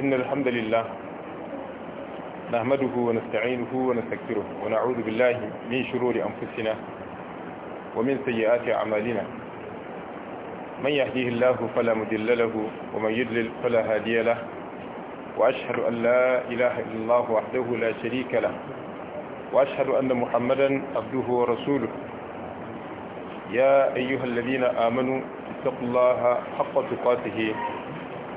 إن الحمد لله نحمده ونستعينه ونستكثره ونعوذ بالله من شرور أنفسنا ومن سيئات أعمالنا من يهديه الله فلا مدل له ومن يدلل فلا هادي له وأشهد أن لا إله إلا الله وحده لا شريك له وأشهد أن محمدا عبده ورسوله يا أيها الذين آمنوا اتقوا الله حق تقاته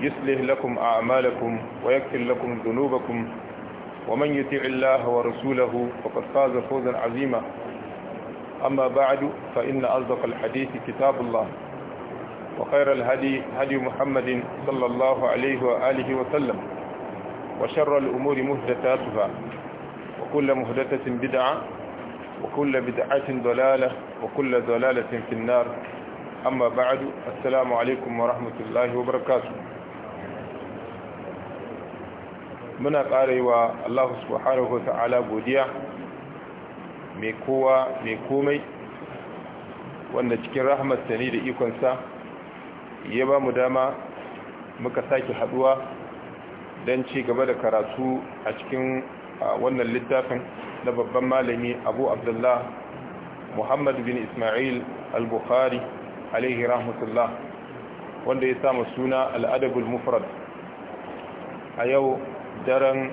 يصلح لكم أعمالكم ويكفر لكم ذنوبكم ومن يتع الله ورسوله فقد فاز فوزا عظيما أما بعد فإن أصدق الحديث كتاب الله وخير الهدي هدي محمد صلى الله عليه وآله وسلم وشر الأمور مهدتاتها وكل مهدتة بدعة وكل بدعة ضلالة وكل ضلالة في النار أما بعد السلام عليكم ورحمة الله وبركاته muna ƙara yi wa Allah subhanahu wa ta'ala godiya mai kowa mai komai wanda cikin rahmatsa ne da ikonsa ya ba mu dama muka sake haduwa don ci gaba da karatu a cikin wannan littafin na babban malami abu abdullah muhammad bin ismail al-bukhari alaihi rahmatullah wanda ya samu suna al'adabul mufrad a yau daren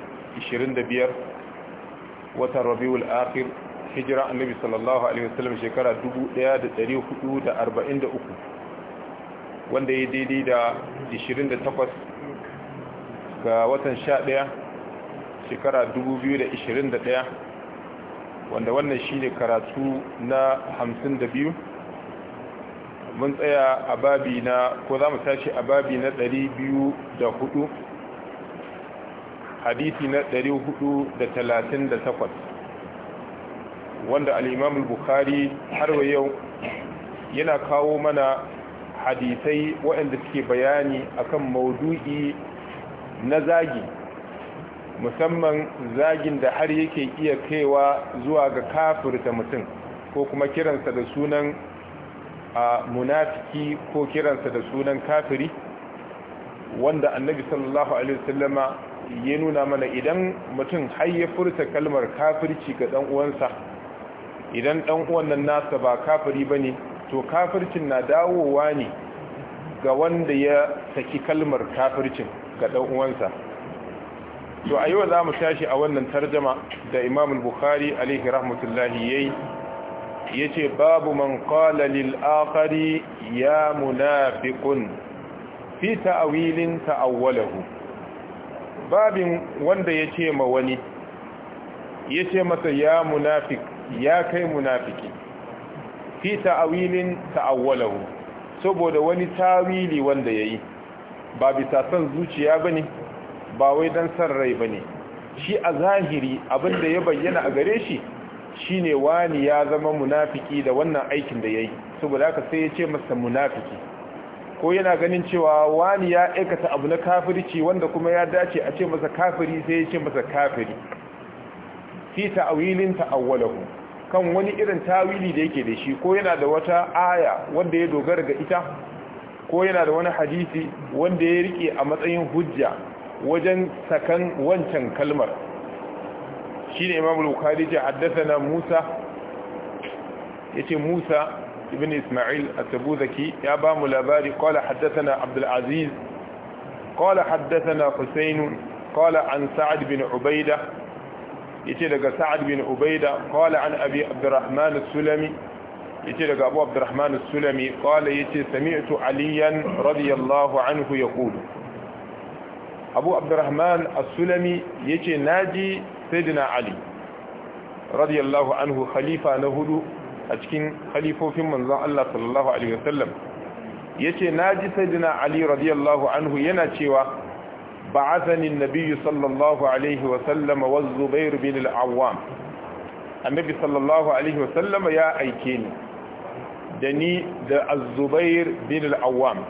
25 watan rabiul akhir hijira annabi sallallahu alaihi wasallam shekara 1443 wanda ya daidai da 28 ga watan 11 shekara 2021 wanda wannan shine karatu na 52 mun tsaya a babi na ko za mu tashi a babi na 204 hadisi na 438 wanda al-imam bukhari har wa yau yana kawo mana hadisai waɗanda suke bayani akan maudu'i na zagi musamman zagin da har yake iya kaiwa zuwa ga kafirta mutum ko kuma kiransa da sunan a munafiki ko kiransa da sunan kafiri wanda annabi sallallahu alaihi wasallama ya nuna mana idan mutum har ya furta kalmar kafirci ga ɗan'uwansa idan ɗan’uwan nan nasa ba kafiri ba ne to kafircin na dawowa ne ga wanda ya saki kalmar kafircin ga ɗan'uwansa to a yau za mu tashi a wannan tarjama da Imam Bukhari alaihi rahmatullahi ya ce babu man qala lil ya munafikun fi ta'awilin ta'awwalahu babin wanda ya ce ma wani ya ce masa ya munafik ya kai munafiki fi ta'awilin ta'awwalahu saboda wani tawili wanda yayi ba bisa son zuciya ba ne ba wai don son rai bane shi a zahiri abinda ya bayyana a gare shi shine wani ya zama munafiki da wannan aikin da yayi saboda haka sai ya ce masa munafiki ko yana ganin cewa wani ya aikata abu na kafirci wanda kuma ya dace a ce masa kafiri sai ya ce masa kafiri fi ta'awilin ta'awwalahu kan wani irin tawili da yake da shi ko yana da wata aya wanda ya dogara ga ita ko yana da wani hadisi wanda ya rike a matsayin hujja wajen sakan wancan kalmar shine imam al-bukhari ya haddathana musa yace musa بن إسماعيل التبوذكي يا أبا ملاباري قال حدثنا عبد العزيز قال حدثنا حسين قال عن سعد بن عبيدة يتلقى سعد بن عبيدة قال عن أبي عبد الرحمن السلمي يتلقى أبو عبد الرحمن السلمي قال يتي سمعت عليا رضي الله عنه يقول أبو عبد الرحمن السلمي يتي ناجي سيدنا علي رضي الله عنه خليفة نهدو a cikin halifofin manzan Allah sallallahu alaihi wasallam na ji sayyidina ali radiyallahu anhu yana cewa ba'athani an-nabiy sallallahu alaihi wasallam wa Zubairu bin al-awwam annabi sallallahu alaihi wasallam ya aike ni da ni da az-zubair bin al-awwam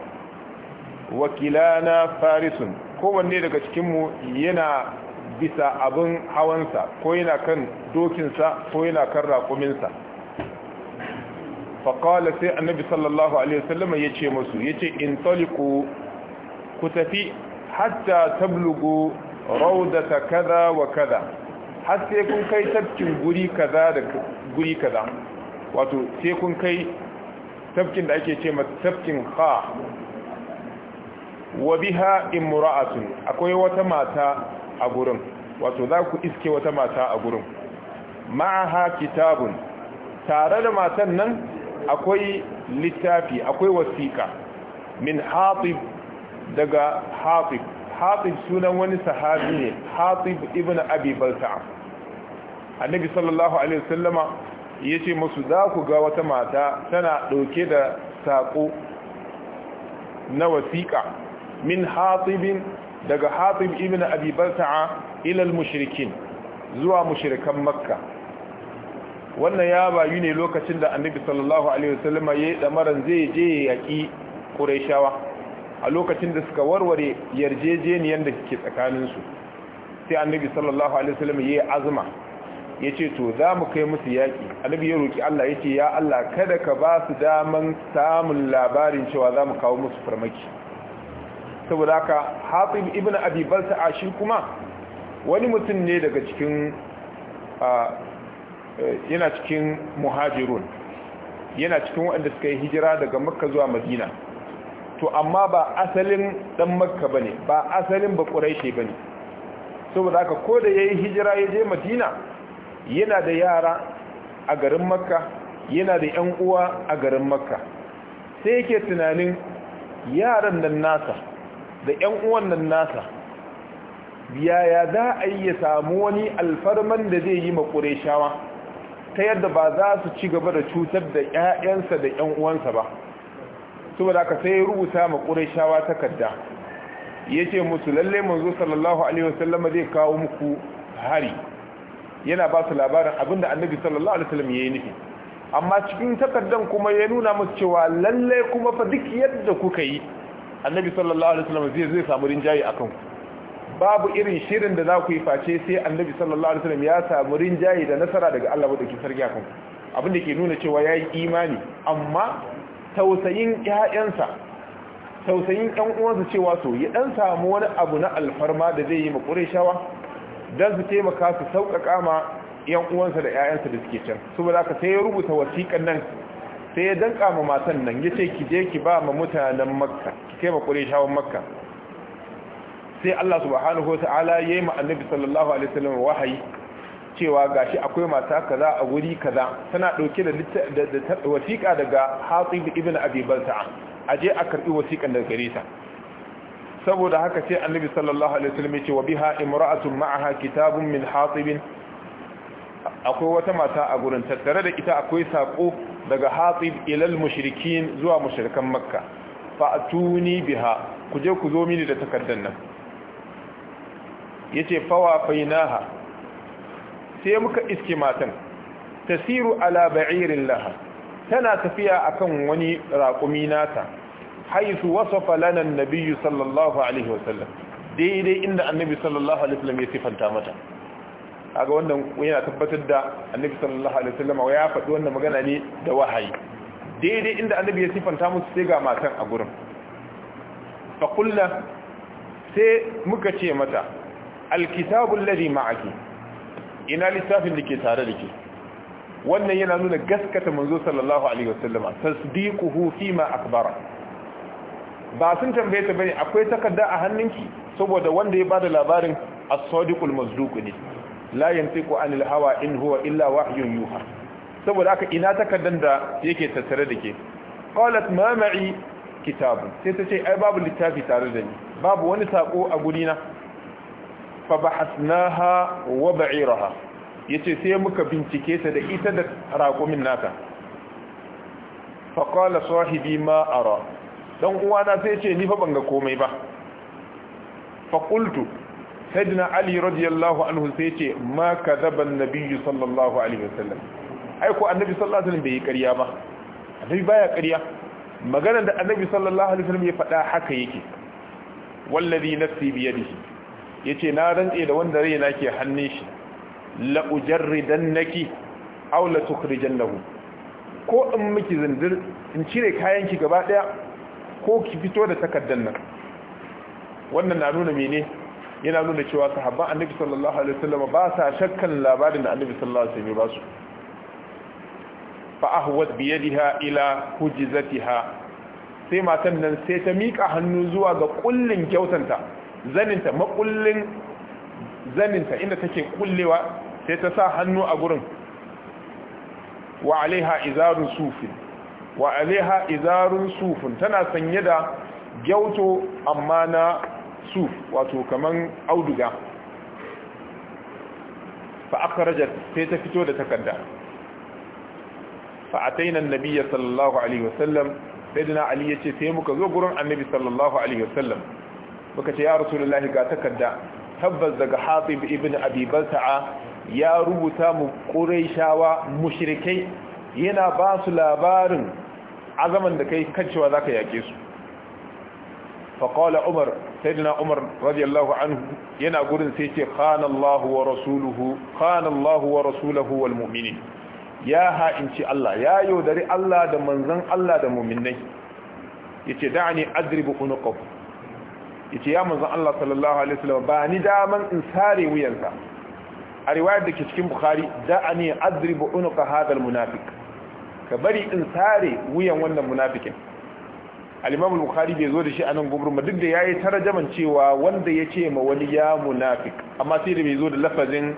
wakilana farisun kowanne daga cikinmu yana bisa abin hawansa ko yana kan dokinsa ko yana kan raƙuminsa faƙala sai annabi sallallahu alaihi wasallam ya ce masu ya ce in taliku ku tafi hatta tablugu raudata kaza wa kaza har sai kun kai tafkin guri kaza da guri kaza wato sai kun kai tafkin da ake ce masa tafkin ha wa biha in imra'atun akwai wata mata a gurin wato za ku iske wata mata a gurin ma'aha kitabun tare da matan nan akwai littafi akwai wasiƙa min hatib daga hatib hatib sunan wani sahabi ne hatib ibn abi balta'a annabi sallallahu alaihi wasallama yace musu za ku ga wata mata tana dauke da sako na wasiƙa min hatibin daga hatib ibn abi balta'a ila al-mushrikin zuwa mushrikan makka wannan ya bayu ne lokacin da annabi sallallahu alaihi wasallama ya yi damaran zai je ya yaƙi ƙuraishawa a lokacin da suka warware yarjejeniyar da ke tsakaninsu sai annabi sallallahu alaihi wasallama ya yi azuma ya ce to za mu kai musu yaƙi annabi ya roƙi Allah ya ce ya Allah kada ka ba su daman samun labarin cewa za mu kawo musu farmaki saboda haka hatib ibn abi a shi kuma wani mutum ne daga cikin Eh, yana cikin muhajirun yana cikin waɗanda suka yi hijira daga makka zuwa madina to amma ba asalin ɗan makka bane ba asalin ba quraishi bane saboda haka ko da yayi hijira ya je madina yana da yara a garin makka yana da yan uwa a garin makka sai yake tunanin yaran nan nasa da yan uwan nan nasa yaya za a yi ya samu wani alfarman da zai yi ma shawa ta yadda ba za su ci gaba da cutar da 'ya'yansa da 'yan uwansa ba saboda aka sai rubuta ma ƙurayshawa takarda yace musu lalle manzo sallallahu alaihi wasallam zai kawo muku hari yana ba su labarin abinda annabi sallallahu alaihi wasallam yayi nufi amma cikin takardan kuma ya nuna musu cewa lalle kuma fa duk yadda kuka yi annabi sallallahu alaihi wasallam zai zai samu rinjaye akan ku babu irin shirin da za ku yi face sai annabi sallallahu alaihi wasallam ya samu rinjayi da nasara daga Allah ke sarki akan abin da ke nuna cewa yayi imani amma tausayin ƴaƴansa tausayin ɗan uwansa cewa so ya dan samu wani abu na alfarma da zai yi ma Qurayshawa dan su taimaka su sauƙaƙa ma ƴan uwansa da ƴaƴansa da suke can saboda haka sai ya rubuta wasiƙan nan sai ya danka ma matan nan yace ki je ki ba ma mutanen Makka ki taimaka Qurayshawan Makka sai Allah subhanahu wa ta'ala yayi ma annabi sallallahu alaihi wasallam wahayi cewa gashi akwai mata kaza a guri kaza tana dauke da wasiƙa daga Hatib ibn Abi Balta'a aje a karbi wasiƙan daga gare ta saboda haka sai annabi sallallahu alaihi wasallam ya ce wa biha imra'atun ma'aha kitabun min Hatib akwai wata mata a gurin tattare da ita akwai sako daga hatib ilal mushrikin zuwa mushrikan makka fa atuni biha kuje ku zo mini da takardar nan yace wa fainaha sai muka iske matan tasiru ala ba'irin laha tana tafiya akan wani raƙumi nata haisu wasafa lana nabiyyu sallallahu alaihi wasallam daidai inda annabi sallallahu alaihi wasallam ya sifanta mata kaga wannan yana tabbatar da annabi sallallahu alaihi wasallam ya faɗi wannan magana ne da wahayi daidai inda annabi ya sifanta musu sai ga matan a gurin fa kullu sai muka ce mata Alkitabun ladhi ma'aki ina littafin da ke tare da ke wannan yana nuna gaskata manzo sallallahu alaihi wasallama tasdiquhu fima akbara ba sun tambaye ta bane akwai takarda a hannunki saboda wanda ya bada labarin as-sadiqul masduq ne la yantiqu anil hawa in huwa illa wahyun yuha saboda haka ina takardan da yake tattare da ke qalat ma ma'i kitabun sai ta ce ai babu littafi tare da ni babu wani sako a gurina fa bahasnaha wa ya ce sai muka bincike ta da ita da raƙumin nata fa qala sahibi ma ara dan uwana sai yace ni fa ban ga komai ba Faƙultu qultu ali radiyallahu anhu sai ce ma ka an Nabiyu sallallahu alaihi wasallam ai ko annabi sallallahu alaihi wasallam bai yi ƙarya ba annabi baya ƙarya maganar da annabi sallallahu alaihi wasallam ya faɗa haka yake wallazi nafsi biyadihi yace na rantse da wanda raina ke hannun shi la naki aw la lahu ko in miki zindir in cire kayanki gaba daya ko ki fito da takaddan nan wannan na nuna mene yana nuna cewa sahabban annabi sallallahu alaihi wasallam ba sa shakkan labarin da annabi sallallahu alaihi wasallam ba su fa ahwat bi yadiha ila hujzatiha sai matan nan sai ta mika hannu zuwa ga kullin kyautanta zaninta makullin zaninta inda take kullewa sai ta sa hannu a gurin wa alaiha izarun sufin wa alaiha izarun sufin tana sanye da gyauto amma na suf wato kaman auduga fa akhrajat sai ta fito da takarda fa ataina annabiyya sallallahu alaihi wasallam sayyidina ali yace sai muka zo gurin annabi sallallahu alaihi wasallam muka ce ya rasulullahi ga takarda tabbas daga hatib ibn abi balta'a ya rubuta mu quraishawa mushrikai yana ba su labarin azaman da kai kancewa zaka yake su fa qala umar sayyidina umar radiyallahu anhu yana gurin sai ce khana allah wa rasuluhu khana allah wa rasuluhu wal mu'minin ya ha'inci Allah ya yaudari Allah da manzon Allah da mu'minai yace da'ani adribu unuqahu yace ya manzo Allah sallallahu alaihi wasallam ba ni daman in sare wuyansa a riwayar da ke cikin bukhari da'ani adribu unuqa hadha munafik. ka bari in sare wuyan wannan munafikin al-imam bukhari bai zo da shi anan ba duk da yayi tarjaman cewa wanda ya ce ma wani ya munafik. amma sai da bai zo da lafazin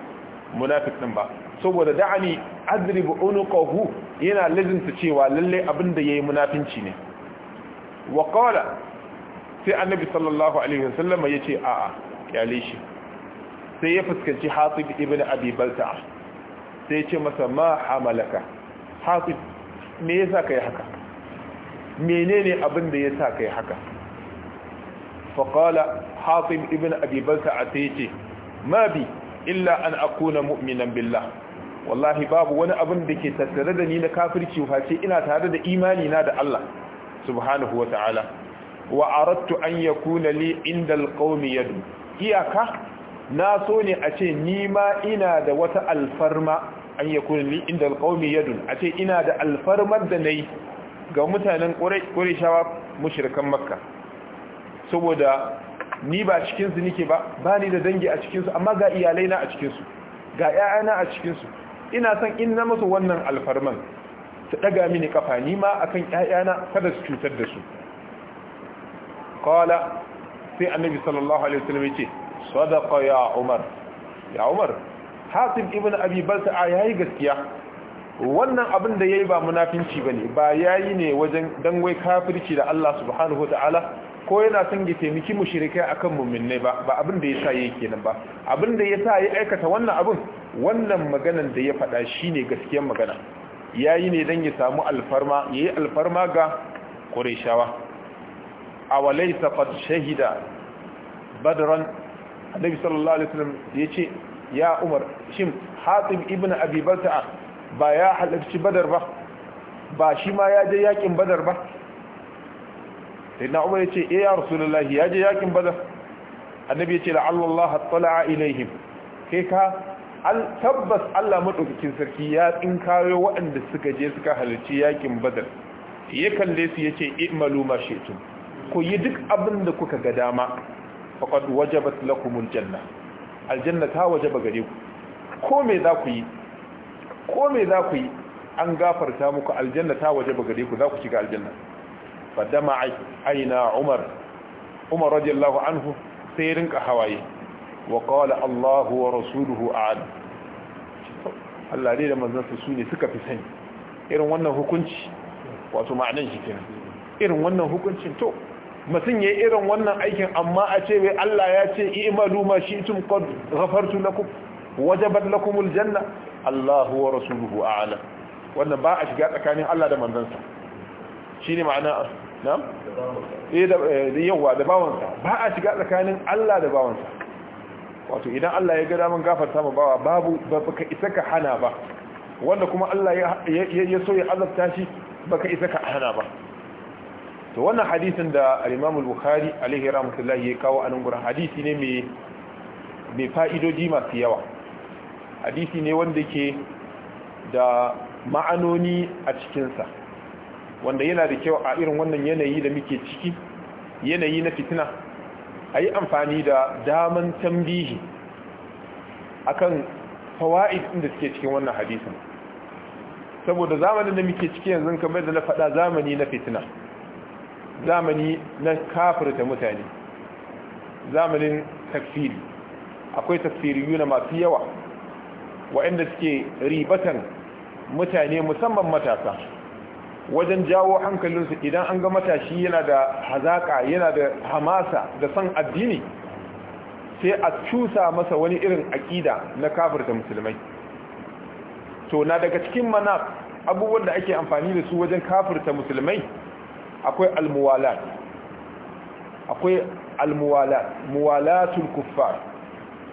munafik din ba saboda da'ani adribu hu yana lazinta cewa lallai abin da yi munafinci ne wa qala sai annabi sallallahu alaihi wasallam ya ce a'a kyale shi sai ya fuskanci hatib ibn abi balta'a sai ya ce masa ma hamalaka hatib me yasa kai haka menene abin da yasa kai haka fa qala hatib ibn abi balta'a sai ya ce ma bi illa an akuna mu'minan billah wallahi babu wani abin da ke tattare da ni na kafirci face ina tare da imani na da Allah subhanahu wa ta'ala wa aradtu an yakuna li inda alqawmi yadu iyaka na so ne a ce ni ma ina da wata alfarma an yakuna li inda alqawmi yadu a ce ina da alfarmar da nayi ga mutanen qurayshawa mushrikan makka saboda ni ba cikin su nike ba ba ni da dangi a cikin amma ga iyalai na a cikin su ga ƴaƴana a cikin ina son in na musu wannan alfarman su ɗaga mini kafa ni ma akan ƴaƴana kada su cutar da su qala sai annabi sallallahu alaihi wasallam yace sadaqa ya umar ya umar hatim ibn abi balta'a yayi gaskiya wannan abin da yayi ba munafinci bane ba yayi ne wajen dangwai kafirci da Allah subhanahu wataala ko yana son ya taimaki mushrikai akan mu'minai ba ba abin da yasa yayi kenan ba abin da yasa ya aikata wannan abin wannan maganan da ya faɗa shine gaskiyar magana yayi ne dan ya samu alfarma yayi alfarma ga Qurayshawa A awalaita qad shahida badran annabi sallallahu alaihi wasallam yace ya umar shin hatib ibn abi balta'a ba ya halarci badar ba ba shi ma ya je yakin badar ba sai na umar yace eh ya rasulullahi ya je yakin badar annabi yace la'alla allah tala'a ilaihim kai ka al tabbas Allah madaukakin sarki ya tsinkayo waɗanda suka je suka halarci yakin badar ya kalle su yace i'malu ma shi'tum ku yi duk abin da kuka ga dama faqad wajabat lakumul janna aljanna ta wajaba gare ku ko me za ku yi ko me za ku yi an gafarta muku aljanna ta wajaba gare ku za ku shiga aljanna dama aina umar umar radiyallahu anhu sai rinka hawaye wa qala allah wa rasuluhu a'ad Allah dai da manzon sa sune suka fi sani irin wannan hukunci wato ma'anan shi kenan irin wannan hukuncin to mutum ya irin wannan aikin amma a ce wai Allah ya ce i'malu ma shi'tum qad ghafartu lakum wajabat lakumul janna Allahu wa rasuluhu a'lam wannan ba a shiga tsakanin Allah da manzansa shine ma'ana na'am eh da eh, yawa da bawansa ba a shiga tsakanin Allah da bawansa wato idan Allah ya ga daman gafarta ma bawa babu ba ka isa ka hana ba wanda kuma Allah ya so ya azabta shi baka isa ka hana ba to wannan hadisin da al-Imam al-Bukhari alaihi rahmatullahi ya kawo nan gurin hadisi ne mai mai fa'idoji masu yawa hadisi ne wanda ke da ma'anoni a cikinsa wanda yana da kyau a irin wannan yanayi da muke ciki yanayi na fitina a yi amfani da daman tambihi akan fawa'id inda suke cikin wannan hadisin saboda zamanin da muke ciki yanzu kamar da na faɗa zamani na fitina zamani na kafirta mutane zamanin tafsiri akwai na masu yawa waɗanda suke ribatan mutane musamman matasa wajen jawo hankalinsu idan an ga matashi yana da hazaka yana da hamasa da san addini sai a cusa masa wani irin aƙida na kafirta musulmai to na daga cikin mana abubuwan da ake amfani da su wajen kafirta musulmai akwai almuwala, akwai almuwalat muwalatul kuffar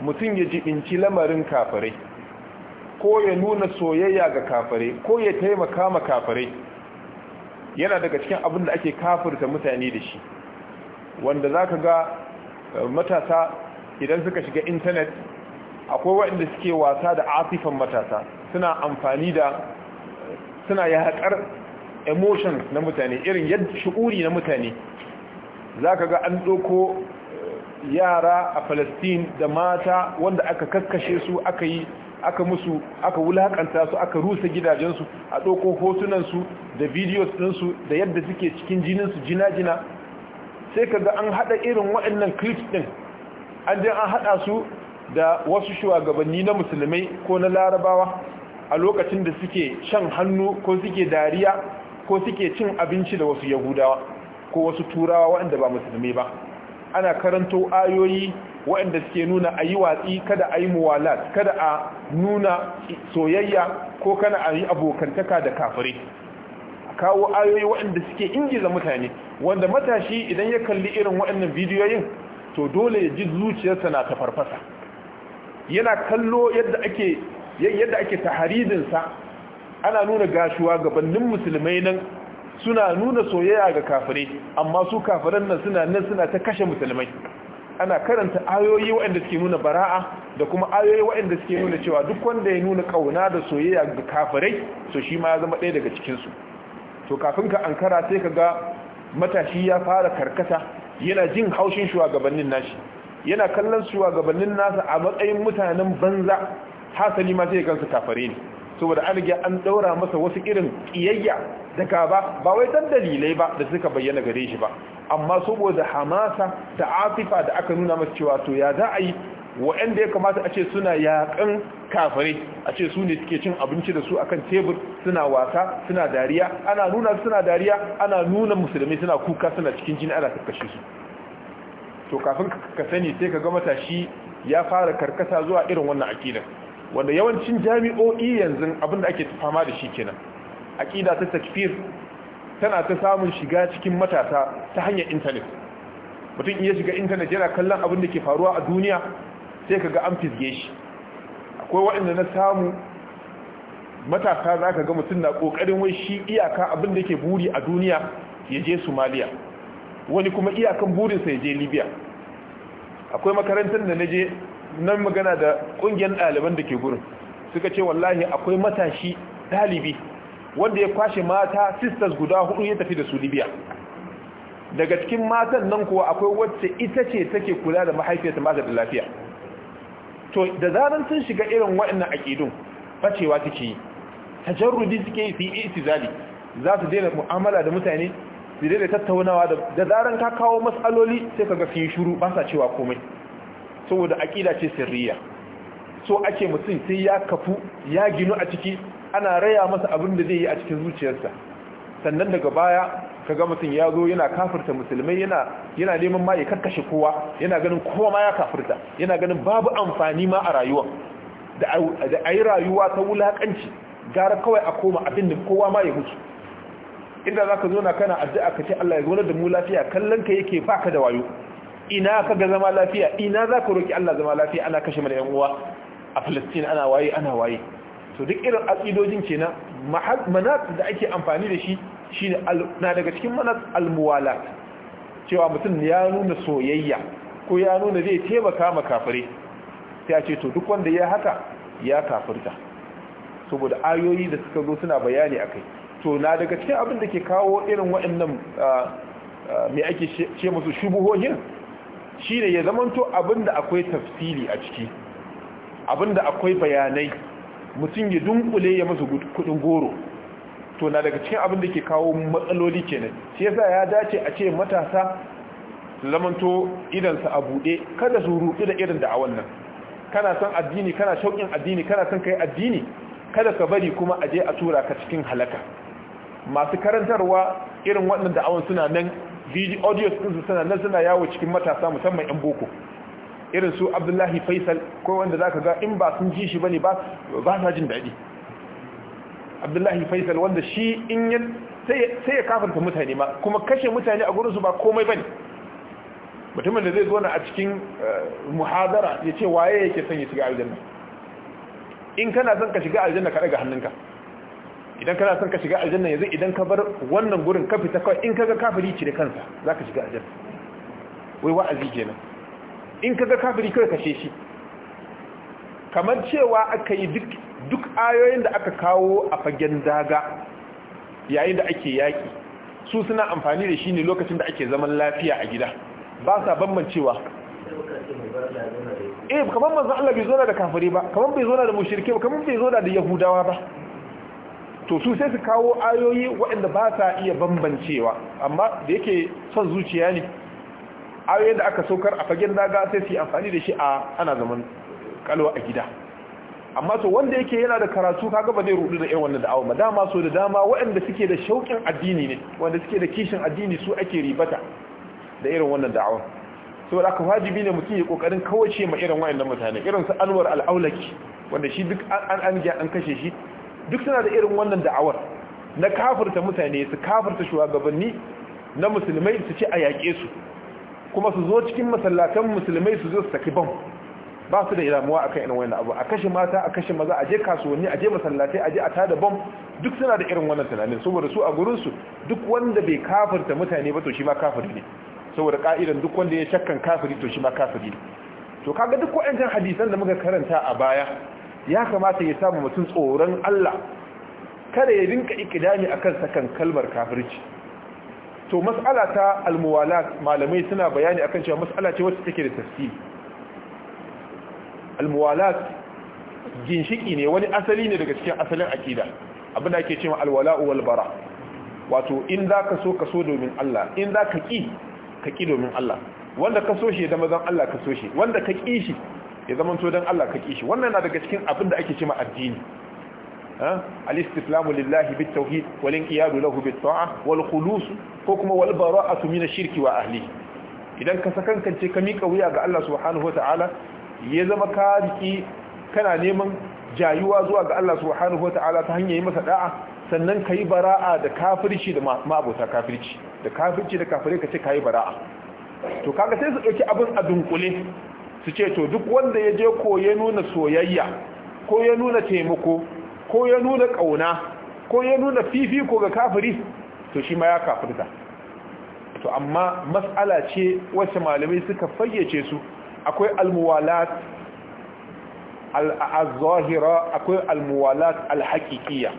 mutum ya ji jibinci lamarin kafare, ko ya nuna soyayya ga kafare, ko ya taimaka ma kafare, yana daga cikin abin da ake kafirta mutane da shi wanda zaka ga eh, matasa idan suka shiga intanet akwai waɗanda suke wasa da afifan matasa suna amfani da suna yaƙar emotion na mutane irin yadda shi'uri na mutane za ka ga an doko eh, yara a palestine da mata wanda aka kakkashe su aka yi aka musu aka wulakanta su aka rusa gidajensu a doko hotunansu da videos ɗinsu da yadda suke cikin jininsu jina-jina sai ka ga an haɗa irin waɗannan clips ɗin an je an haɗa su da wasu shugabanni na musulmai ko na larabawa a lokacin da suke shan hannu ko suke dariya ko suke cin abinci da wasu yahudawa ko wasu turawa waɗanda ba musulmi ba ana karanto ayoyi waɗanda suke nuna a yi watsi kada a yi muwalat kada a nuna soyayya ko kana a yi abokantaka da A kawo ayoyi waɗanda suke ingiza mutane wanda matashi idan ya kalli irin waɗannan bidiyoyin to dole ya ji zuciyarsa na ta farfasa yana kallo yadda ake yadda ake taharidinsa ana nuna gashuwa gabanin musulmai nan suna nuna soyayya ga kafirai amma su kafiran nan suna nan suna ta kashe musulmai ana karanta ayoyi waɗanda suke nuna bara'a da kuma ayoyi waɗanda suke nuna cewa duk wanda ya nuna kauna da soyayya ga kafirai so shi ma ya zama ɗaya daga cikin su to kafin ka ankara sai ka ga matashi ya fara karkata yana jin haushin shugabannin nashi yana kallon shugabannin nasa a matsayin mutanen banza hasali ma sai kansa kafare ne saboda an riga an daura masa wasu irin kiyayya da gaba ba wai dan dalilai ba da suka bayyana gare shi ba amma saboda hamasa da atifa da aka nuna masa cewa to ya za a yi waɗanda ya kamata a ce suna yaƙan kafare a ce su ne suke cin abinci da su akan tebur suna wasa suna dariya ana nuna suna dariya ana nuna musulmi suna kuka suna cikin jini ana kakkashe su to kafin ka sani sai ka ga matashi ya fara karkasa zuwa irin wannan akidar wanda yawancin jami'o'i yanzu abin da ake fama da shi kenan aqida ta takfir tana ta samun shiga cikin matasa ta hanyar intanet mutum iya shiga intanet yana kallon abin da ke faruwa a duniya sai ka ga an fisge shi akwai waɗanda na samu matasa za ka ga mutum na ƙoƙarin wai shi iyaka abin da ke buri a duniya ya je somaliya wani kuma iyakan burin sa ya je libya akwai makarantar da na je nan magana da ƙungiyar ɗaliban da ke gurin suka ce wallahi akwai matashi ɗalibi wanda ya kwashe mata sisters guda hudu ya tafi da su libya daga cikin matan nan kuwa akwai wacce ita ce take kula da mahaifiyarta mata da lafiya to da zaran sun shiga irin waɗannan aƙidun bacewa take yi tajarrudi suke yi itizali za su daina mu'amala da mutane su daina tattaunawa da zaran ka kawo matsaloli sai ka ga su yi shiru ba sa cewa komai saboda aƙida ce sirriya so ake mutum sai ya kafu ya ginu a ciki ana raya masa abin da zai yi a cikin zuciyarsa sannan daga baya kaga mutum ya zo yana kafirta musulmai yana yana neman ma ya karkashe kowa yana ganin kowa ma ya kafirta yana ganin babu amfani ma a rayuwa da da ayi rayuwa ta wulakanci gara kawai a koma abin da kowa ma ya mutu inda zaka zo na kana addu'a ka ce Allah ya zo da mu lafiya kallon ka yake baka da wayo ina ka ga zama lafiya ina za ka roƙi Allah zama lafiya ana kashe mana yan uwa a Palestine ana waye ana waye to duk irin asidojin kenan manat da ake amfani da shi shine na daga cikin manat almuwalat cewa mutum ya nuna soyayya ko ya nuna zai taimaka ma kafire sai a ce to duk wanda ya haka ya kafirta saboda ayoyi da suka zo suna bayani akai to na daga cikin abin da ke kawo irin waɗannan ah, ah, me ake ce musu shubuhohin Shi ne ya zamanto abinda akwai tafsiri a ciki abinda akwai bayanai mutum ya dunkule ya masa kudin goro to na daga cikin abinda ke kawo matsaloli nan shi yasa ya dace a ce matasa su zamanto idansa a buɗe kada su ruɗu da irin da'awan nan kana son addini kana shauƙin addini kana son kai addini kada ka bari kuma a je a tura ka cikin halaka masu karantarwa irin waɗanda da'awan suna nan video audio su suna nan suna yawo cikin matasa musamman yan boko irin su abdullahi faisal ko wanda zaka ga in ba sun ji shi bane ba ba sa jin daɗi abdullahi faisal wanda shi in yi sai ya kafarta mutane ma kuma kashe mutane a gurinsu ba komai bane mutumin da zai zo na a cikin eh, muhadara ya ce waye yake son ya shiga aljanna in kana son ka shiga aljanna ka daga hannunka idan kana son ka shiga aljanna yanzu idan ka bar wannan gurin ka fita kawai in kaga kafiri ci da kansa zaka shiga aljanna wai wa'azi kenan in kaga kafiri kai kashe shi kamar cewa aka yi duk duk ayoyin da aka kawo a fagen daga yayin da ake yaki su suna amfani da shi ne lokacin da ake zaman lafiya a gida ba sa bambancewa eh kamar manzo Allah bai zo da kafiri ba kamar bai zo da mushrike ba kamar bai zo da yahudawa ba to su sai su kawo ayoyi waɗanda ba sa iya bambancewa amma da yake son zuciya ne ayoyin da aka saukar a fagen daga sai su yi amfani da shi a ana zaman kalwa a gida amma to wanda yake yana da karatu kaga ba zai rudu da irin wannan da'awa ma. dama so da dama waɗanda suke da shauƙin addini ne wanda suke da kishin addini su ake ribata da irin wannan da'awa saboda aka wajibi ne mutum ya kokarin kawace ma irin waɗannan mutane irin su Anwar al-Aulaki wanda shi duk an an an kashe shi duk suna da irin wannan da'awar na kafirta mutane su kafirta shugabanni na musulmai su ce a yaƙe su kuma su zo cikin masallatan musulmai su zo su saki bam ba su da ilamuwa akan irin wannan abu a kashe mata a kashe maza a je kasuwanni a je masallatai a je a tada bam duk suna da irin wannan tunanin saboda su a gurinsu, su duk wanda bai kafirta mutane ba to shi ma kafiri ne saboda ka'idan duk wanda ya shakkan kafiri to shi ma kafiri ne to kaga duk wa'ancan hadisan da muka karanta a baya ya kamata ya samu mutum tsoron Allah kada ya rinka ikidami akan sakan kalmar kafirci to mas'ala ta almuwalat malamai suna bayani akan cewa mas'ala ce wacce take da tafsiri almuwalat ginshiki ne wani asali ne daga cikin asalin akida abinda ake cewa alwala'u wal bara wato in zaka so ka so domin Allah in zaka ki ka ki domin Allah wanda ka so shi da mazan Allah ka so shi wanda ka ki shi ya zama to dan Allah ka kishi wannan na daga cikin abin da ake cewa addini al-istislamu lillahi bit tauhid wal inqiyadu lahu bit ta'ah wal khulus ko kuma wal bara'atu min ash-shirki wa ahlihi idan ka sakankance ka mika wuya ga Allah subhanahu wataala ya zama ka riki kana neman jayuwa zuwa ga Allah subhanahu wataala ta hanyar yi masa da'a sannan kai bara'a da kafirci da ma'abota kafirci da kafirci da kafirai ka ce kai bara'a to kaga sai su dauki abin a dunkule su ce to duk wanda ya je ko ya nuna soyayya ko ya nuna taimako ko ya nuna ƙauna ko ya nuna fifiko ga kafiri to shi ma ya kafirta to amma matsala ce wasu malamai suka fayyace su akwai almuwalat al-zahira akwai almuwalat al-haqiqiyya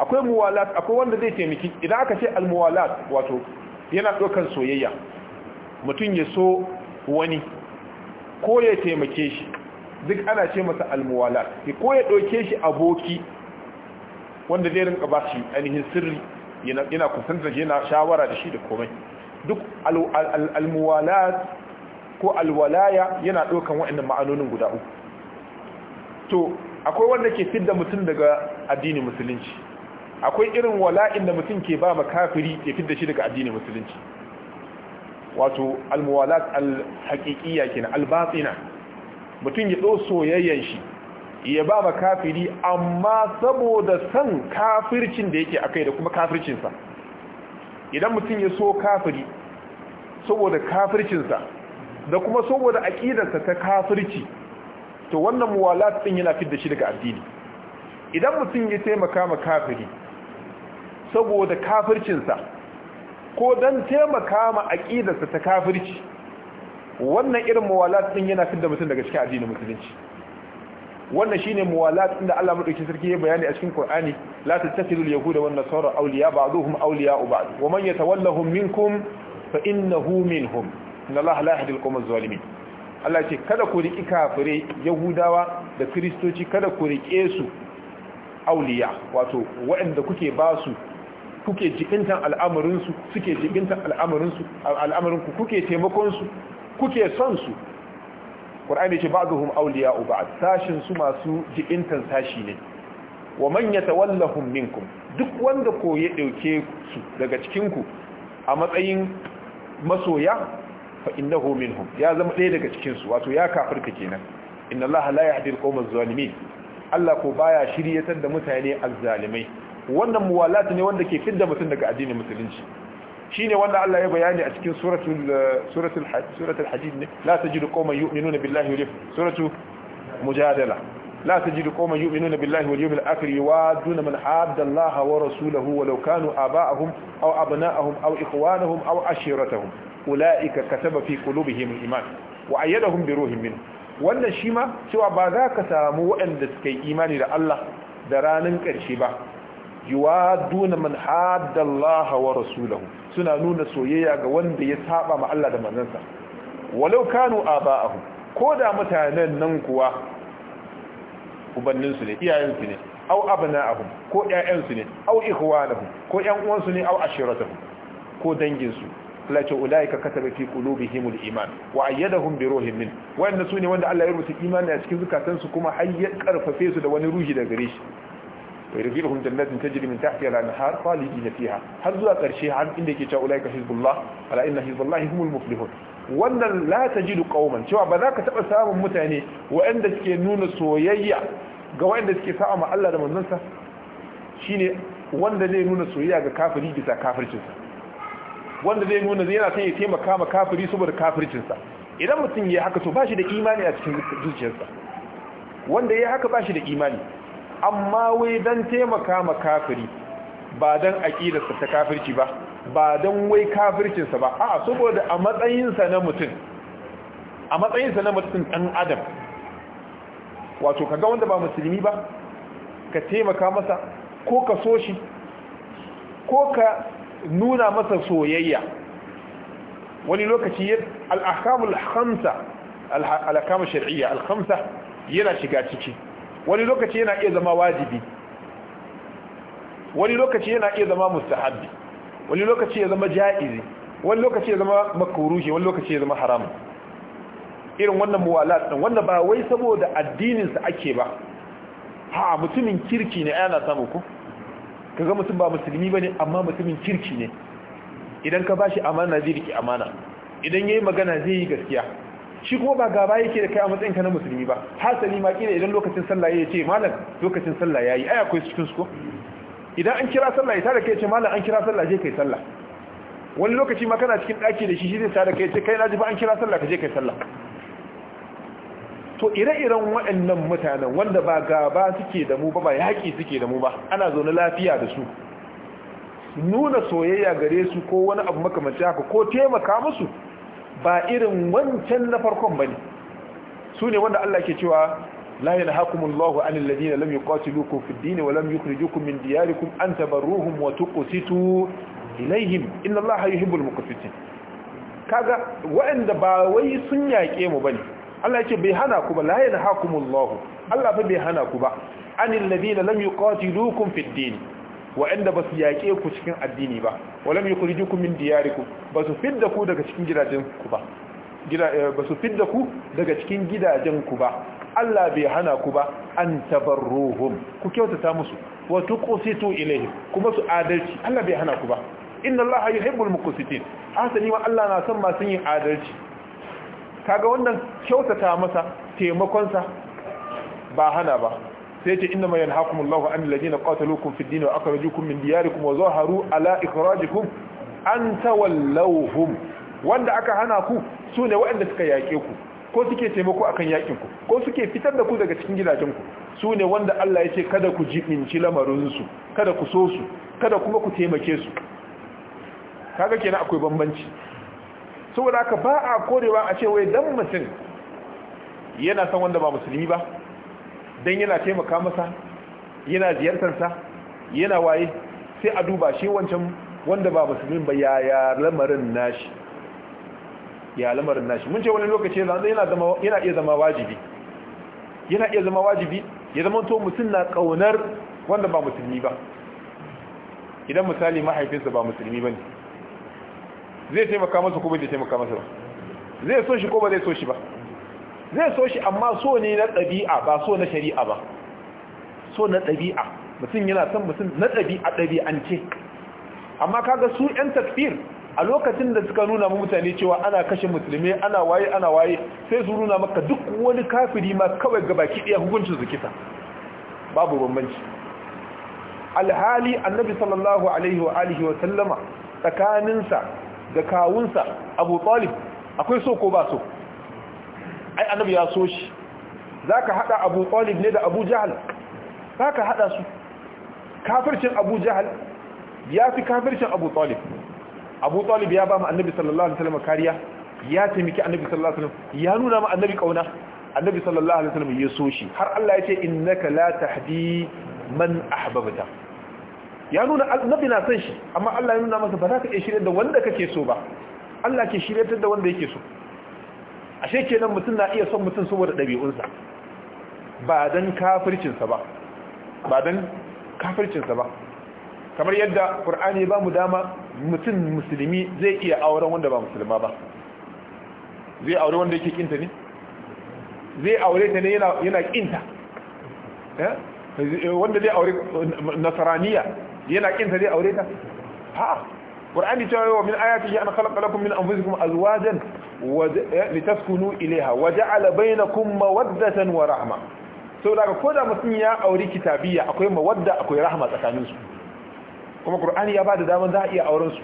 akwai muwalat akwai wanda zai taimaki idan aka ce almuwalat wato yana ɗaukan soyayya mutum ya so wani ko ya taimake shi duk ana ce masa almuwala ko ya ɗauke shi aboki wanda zai rinka ba shi ainihin sirri yana kusantar yana shawara da shi da komai duk almuwala ko alwalaya yana ɗaukan waɗannan ma'anonin guda uku to akwai wanda ke fidda mutum daga addinin musulunci akwai irin wala'in da mutum ke ba makafiri kafiri ya fidda shi daga addinin musulunci wato almuwalat alhaqiqiyya na albatina mutum ya ɗo soyayyen shi ya ba ba kafiri amma saboda san kafircin da yake akai da kuma kafircinsa idan mutum ya so kafiri saboda kafircinsa da kuma saboda aƙidarsa ta kafirci to wannan muwalat ɗin yana da shi daga addini idan mutum ya taimaka ma kafiri saboda kafircinsa ko don taimaka ma aƙidarsa ta kafirci wannan irin muwalat din yana da mutum daga cikin addinin musulunci wannan shine muwalat din da Allah madauki sarki ya bayani a cikin Qur'ani la tattakhidul yahuda wan nasara awliya ba'dhum awliya'u uba. wa man yatawallahum minkum fa innahu minhum inna Allah la yahdi al-qawma zalimin Allah ce kada ku riki kafire yahudawa da kiristoci, kada ku rike su auliya wato waɗanda kuke ba su kuke jibintan al'amarinsu suke jibintan al'amarinsu al'amarinku kuke taimakonsu kuke son su qur'ani ce auliya uba a sashin su masu jibintan sashi ne wa man wallahun minkum duk wanda ya ɗauke su daga cikinku a matsayin masoya fa homin minhum ya zama ɗaya daga cikinsu wato ya ka kenan inna allaha la ya al ƙomar zalimi Allah ko baya shiryatar da mutane azzalimai wannan muwalat ne wanda ke fidda mutum daga addinin musulunci shine wanda Allah ya bayani a cikin suratul uh, suratul hajj suratul hajj ne la tajidu qauman yu'minuna billahi wal suratu mujadala la tajidu qauman yu'minuna billahi wal yawmil akhir yuwaduna man hadda Allah wa rasulahu walau kanu aba'ahum aw abna'ahum aw ikhwanahum aw ashiratahum ulaika kataba fi qulubihim al-iman wa ayyadahum bi ruhin minhu wannan shi cewa ba za ka samu waɗanda suka yi imani da Allah da ranar ƙarshe ba yuwaduna man hadda Allah wa rasulahu suna nuna soyayya ga wanda ya saba ma Allah da manzansa walau kanu aba'ahum ko da mutanen nan kuwa su ne iyayensu ne aw abna'ahum ko ƴaƴansu ne aw ikhwanahum ko ƴan uwansu ne aw ashiratahum ko danginsu lace ulaika kataba fi qulubihimul iman wa ayyadahum bi ruhin min wa'anna sune wanda Allah ya rubuta imani a cikin zukatansu kuma har ya karfafe su da wani ruhi daga gare shi ويرجعهم جنات تجري من تحتها الانهار خالدين فيها har zuwa karshe har inda yake cewa ulaika hizbullah ala inna hizballahi humul muflihun wannan la tajidu qauman cewa ba za ka taɓa samun mutane waɗanda suke nuna soyayya ga waɗanda suke sa'a ma Allah da manzonsa shine wanda zai nuna soyayya ga kafiri bisa kafircinsa wanda zai nuna zai yana sanya taimaka ma kafiri saboda kafircinsa idan mutum ya haka to ba shi da imani a cikin zuciyarsa wanda ya haka ba shi da imani amma wai dan taimaka ma kafiri ba dan aqidarsa ta kafirci ba ba dan wai kafircinsa ba a'a saboda a matsayinsa na mutum a matsayinsa na mutum dan adam wato ga wanda ba musulmi ba ka taimaka masa ko ka so shi ko ka nuna masa soyayya wani lokaci al-ahkamul khamsa al-ahkam shar'iyya al yana shiga ciki wani lokaci yana iya zama wajibi wani lokaci yana iya zama mustahabbi wani lokaci ya zama ja'izi wani lokaci ya zama makruhi wani lokaci ya zama haram irin wannan muwalat din wanda ba wai saboda addinin sa ake ba ha mutumin kirki ne yana samu ku kaga mutum ba musulmi bane amma mutumin kirki ne idan ka bashi amana zai riki amana idan yayi magana zai yi gaskiya shi kuma ba gaba yake da kai a matsayin ka na musulmi ba hasali ma kila idan lokacin sallah ya ce malam lokacin sallah yayi ai akwai cikin su ko idan an kira sallah ya tada kai ya ce malam an kira sallah je kai sallah wani lokaci ma kana cikin daki da shi shi zai tada kai ya ce kai naji ba an kira sallah ka je kai sallah to ire-iren waɗannan mutanen wanda ba gaba suke da mu ba ba yaƙi suke da mu ba ana zaune lafiya da su nuna soyayya gare su ko wani abu makamanci haka ko taimaka musu ba irin wancan na farkon bane su ne wanda Allah ke cewa la lahu, anin ladina lam yuqatilukum fid din wa lam yukhrijukum min diyarikum an tabarruhum wa tuqsitu ilaihim inna Allaha yuhibbul muqsitin kaga waɗanda ba wai sun yaƙe mu bane Allah ce bai hana ku ba la lahu, Allah fa bai hana ku ba anin ladina lam yuqatilukum fid wa'anda ba su yaƙe ku cikin addini ba walam yukhrijukum min diyarikum ba fidda ku daga cikin gidajen ku ba ba su fidda ku daga cikin gidajen eh, ku ba Allah bai hana ku ba an tabarruhum ku kyautata musu wa tuqsitu ilayhim kuma su adalci Allah bai hana ku ba inna Allah yuhibbul muqsitin asali ma Allah na son masu yin adalci kaga wannan kyautata masa taimakonsa sa ba hana ba sai ce inna ma yanhaqumullahu anil na qataluukum fid din wa akhrajuukum min diyarikum wa zaharu ala ikhrajikum an tawallawhum wanda aka hana ku sune waɗanda suka yaƙe ku ko suke taimako akan yakin ku ko suke fitar da ku daga cikin gidajen ku sune wanda Allah ya ce kada ku jibinci lamarin su kada ku so su kada kuma ku taimake su kaga kenan akwai bambanci saboda haka ba a korewa a ce wai dan mutum yana san wanda ba musulmi ba dan yana taimaka masa yana ziyartarsa yana waye sai a duba shi wancan wanda ba musulmin ba ya ya lamarin nashi ya lamarin nashi mun ce wani lokaci yana zama yana iya zama wajibi yana iya zama wajibi ya zama to mutum na kaunar wanda ba musulmi ba idan misali mahaifinsa ba musulmi ba ne zai taimaka masa ko bai taimaka masa ba zai so shi ko ba zai so shi ba zai so shi amma so ne na ɗabi'a ba so na shari'a ba so na ɗabi'a mutum yana son mutum na ɗabi'a ɗabi'ance amma kaga su 'yan takfir a lokacin da suka nuna mutane cewa ana kashe musulmi ana waye ana waye sai su nuna maka duk wani kafiri ma kawai baki ɗaya hukuncin su kisa babu bambanci alhali annabi sallallahu alaihi wa alihi wa sallama tsakaninsa da kawunsa abu talib akwai so ko ba so ai annabi ya so shi zaka hada Abu Talib ne da Abu Jahl zaka hada su kafircin Abu Jahl ya fi kafircin Abu Talib Abu Talib ya ba mu annabi sallallahu alaihi wasallam kariya ya taimaki annabi sallallahu alaihi wasallam ya nuna mu annabi kauna annabi sallallahu alaihi wasallam ya so shi har Allah ya ce innaka la tahdi man ahbabta ya nuna annabi na san shi amma Allah ya nuna masa ba za ka iya shirye da wanda kake so ba Allah ke shirye da wanda yake so ashe ke nan mutum na iya son mutum saboda ɗabi'unsa ba don kafircinsa ba ba don kafircinsa ba kamar yadda ƙur'ani ba mu dama mutum musulmi zai iya auren wanda ba musulma ba zai aure wanda yake kinta ne zai aure ta ne yana kinta eh? wanda zai aure nasaraniya yana kinta zai aure ta ha qur'ani ta yawa min ayatihi an khalaqa lakum min anfusikum azwajan eh, litaskunu ilaiha wa ja'ala bainakum mawaddatan wa rahma sau daga ko da mutum ya auri kitabiyya akwai mawadda akwai rahma tsakanin su kuma qur'ani ya bada daman za a iya auren su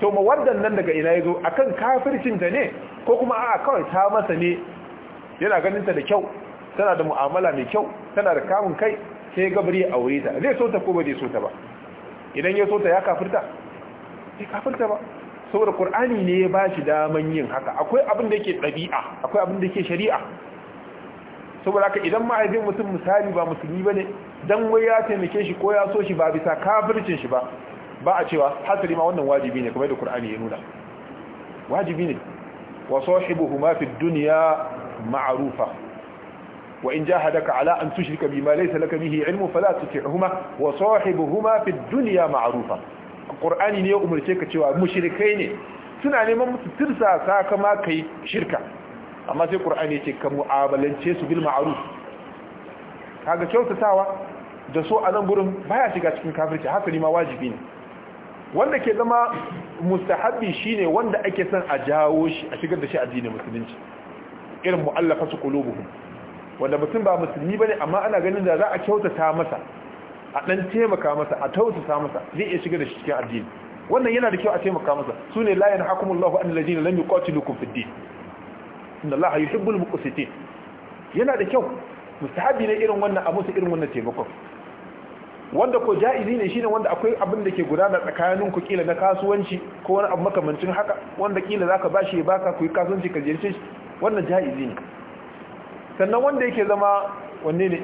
to mawaddan nan daga ina yazo akan kafircin ta ne ko kuma a'a kawai ta masa ne yana ganin ta da kyau tana da mu'amala mai kyau tana da kamun kai sai gabri ya aure ta zai so ta ko ba zai so ta ba idan ya so ta ya kafirta bai kafirta ba saboda qur'ani ne ya bashi daman yin haka akwai abin da yake dabi'a akwai abin da yake shari'a saboda haka idan aibin mutum misali ba musulmi bane dan wai ya taimake shi ko ya so shi ba bisa kafircin shi ba ba a cewa hasali ma wannan wajibi ne kamar da qur'ani ya nuna wajibi ne wa sahibuhuma fi dunya ma'rufa wa in jahadaka ala an tushrika bima laysa laka bihi ilmun fala tuti'huma wa sahibuhuma fi dunya ma'rufa Ƙur'ani ne ya umarce ka cewa mushrikai ne suna neman musu tirsa sakama kai shirka amma sai ƙur'ani ce ka mu'abalance su bil ma'ruf kaga kyautatawa da so a nan gurin baya shiga cikin kafirci haka ne ma wajibi ne wanda ke zama mustahabbi shine wanda ake son a jawo shi a shigar da shi addinin musulunci irin mu'allafa mu'allafatu qulubuhum wanda mutum ba musulmi bane amma ana ganin da za a kyautata masa a ɗan taimaka masa a tausasa masa zai iya shiga da shi cikin addini wannan yana da kyau a taimaka masa su ne hakumun yanhakumullahu an allazina lam yuqatilukum fid din inna allaha yuhibbul muqsitin yana da kyau mustahabi ne irin wannan abu su irin wannan taimakon wanda ko ja'izi ne shine wanda akwai abin da ke gudana tsakanin ku kila na kasuwanci ko wani abu makamancin haka wanda kila zaka bashi ya baka ku yi kasuwanci ka jirce shi wannan ja'izi ne sannan wanda yake zama wanne ne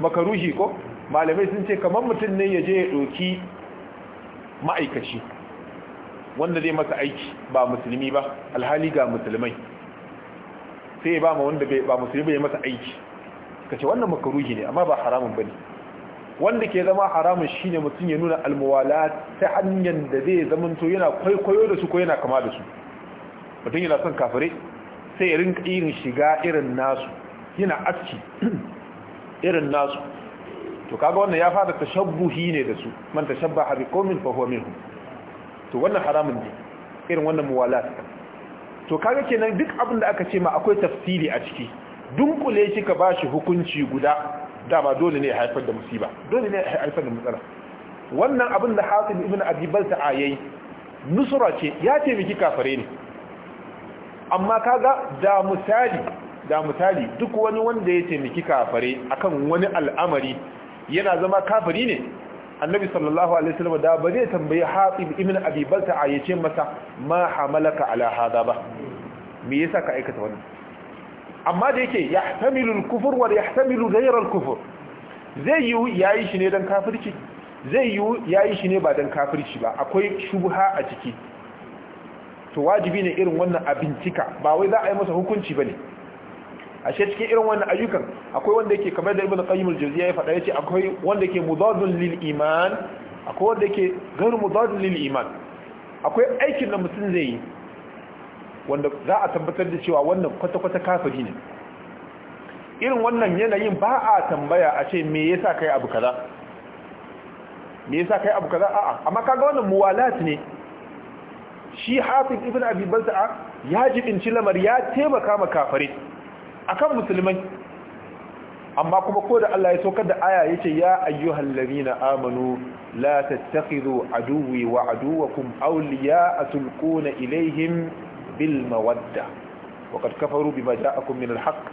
makaruhi ko malamai sun ce kamar mutum ne ya je ya ɗoki ma'aikaci wanda zai masa aiki ba musulmi ba alhali ga musulmai sai ba ma wanda ba musulmi ba ya masa aiki ka ce wannan makaruhi ne amma ba haramun ba ne wanda ke zama haramun shi ne mutum ya nuna almuwala ta hanyar da zai zamanto yana kwaikwayo da su ko yana kama da su mutum yana son kafare sai ya rinka irin shiga irin nasu yana aski irin nasu to kaga wannan ya fara tashabbuhi ne da su man tashabbaha bi qaumin fa huwa minhum to wannan haramun ne irin wannan muwalat to kaga kenan duk abin da aka ce ma akwai tafsiri a ciki dunkule shi ka bashi hukunci guda dama dole ne ya haifar da musiba dole ne ya haifar da matsala wannan abin da hasib ibn Abi Balta ayayi nusra ce ya ce miki kafare ne amma kaga da misali da misali duk wani wanda ya taimaki kafare akan wani al'amari yana zama kafiri ne annabi sallallahu alaihi wasallam da ba zai tambayi hatib ibn abi balta a yace masa ma hamalaka ala hada ba me yasa ka aikata wannan amma da yake yahtamilu al-kufr wa yahtamilu ghayra al-kufr zai yi yayi shi ne dan kafirci zai yi yayi shi ne ba dan kafirci ba akwai shubha a ciki to wajibi ne irin wannan abincika ba wai za a yi masa hukunci bane ashe cikin irin wannan ayyukan akwai wanda yake kamar da ibn qayyim al-jawziyya ya faɗa yace akwai wanda yake mudadun lil iman akwai wanda yake gar mudadun lil iman akwai aikin da mutum zai yi wanda za a tabbatar da cewa wannan kwata-kwata kafiri ne irin wannan yanayin ba a tambaya a ce me yasa kai abu kaza me yasa kai abu kaza a'a amma kaga wannan muwalat ne shi hafiz ibn abi balta'a ya jibinci lamar ya taimaka ma kafare akan musulmai amma kuma ko da Allah ya saukar da aya yace ya ayyuhal ladina amanu la tattakhidhu aduwwi wa aduwwakum awliya'a tulquna ilayhim bil mawadda wa qad kafaru bima ja'akum min al haqq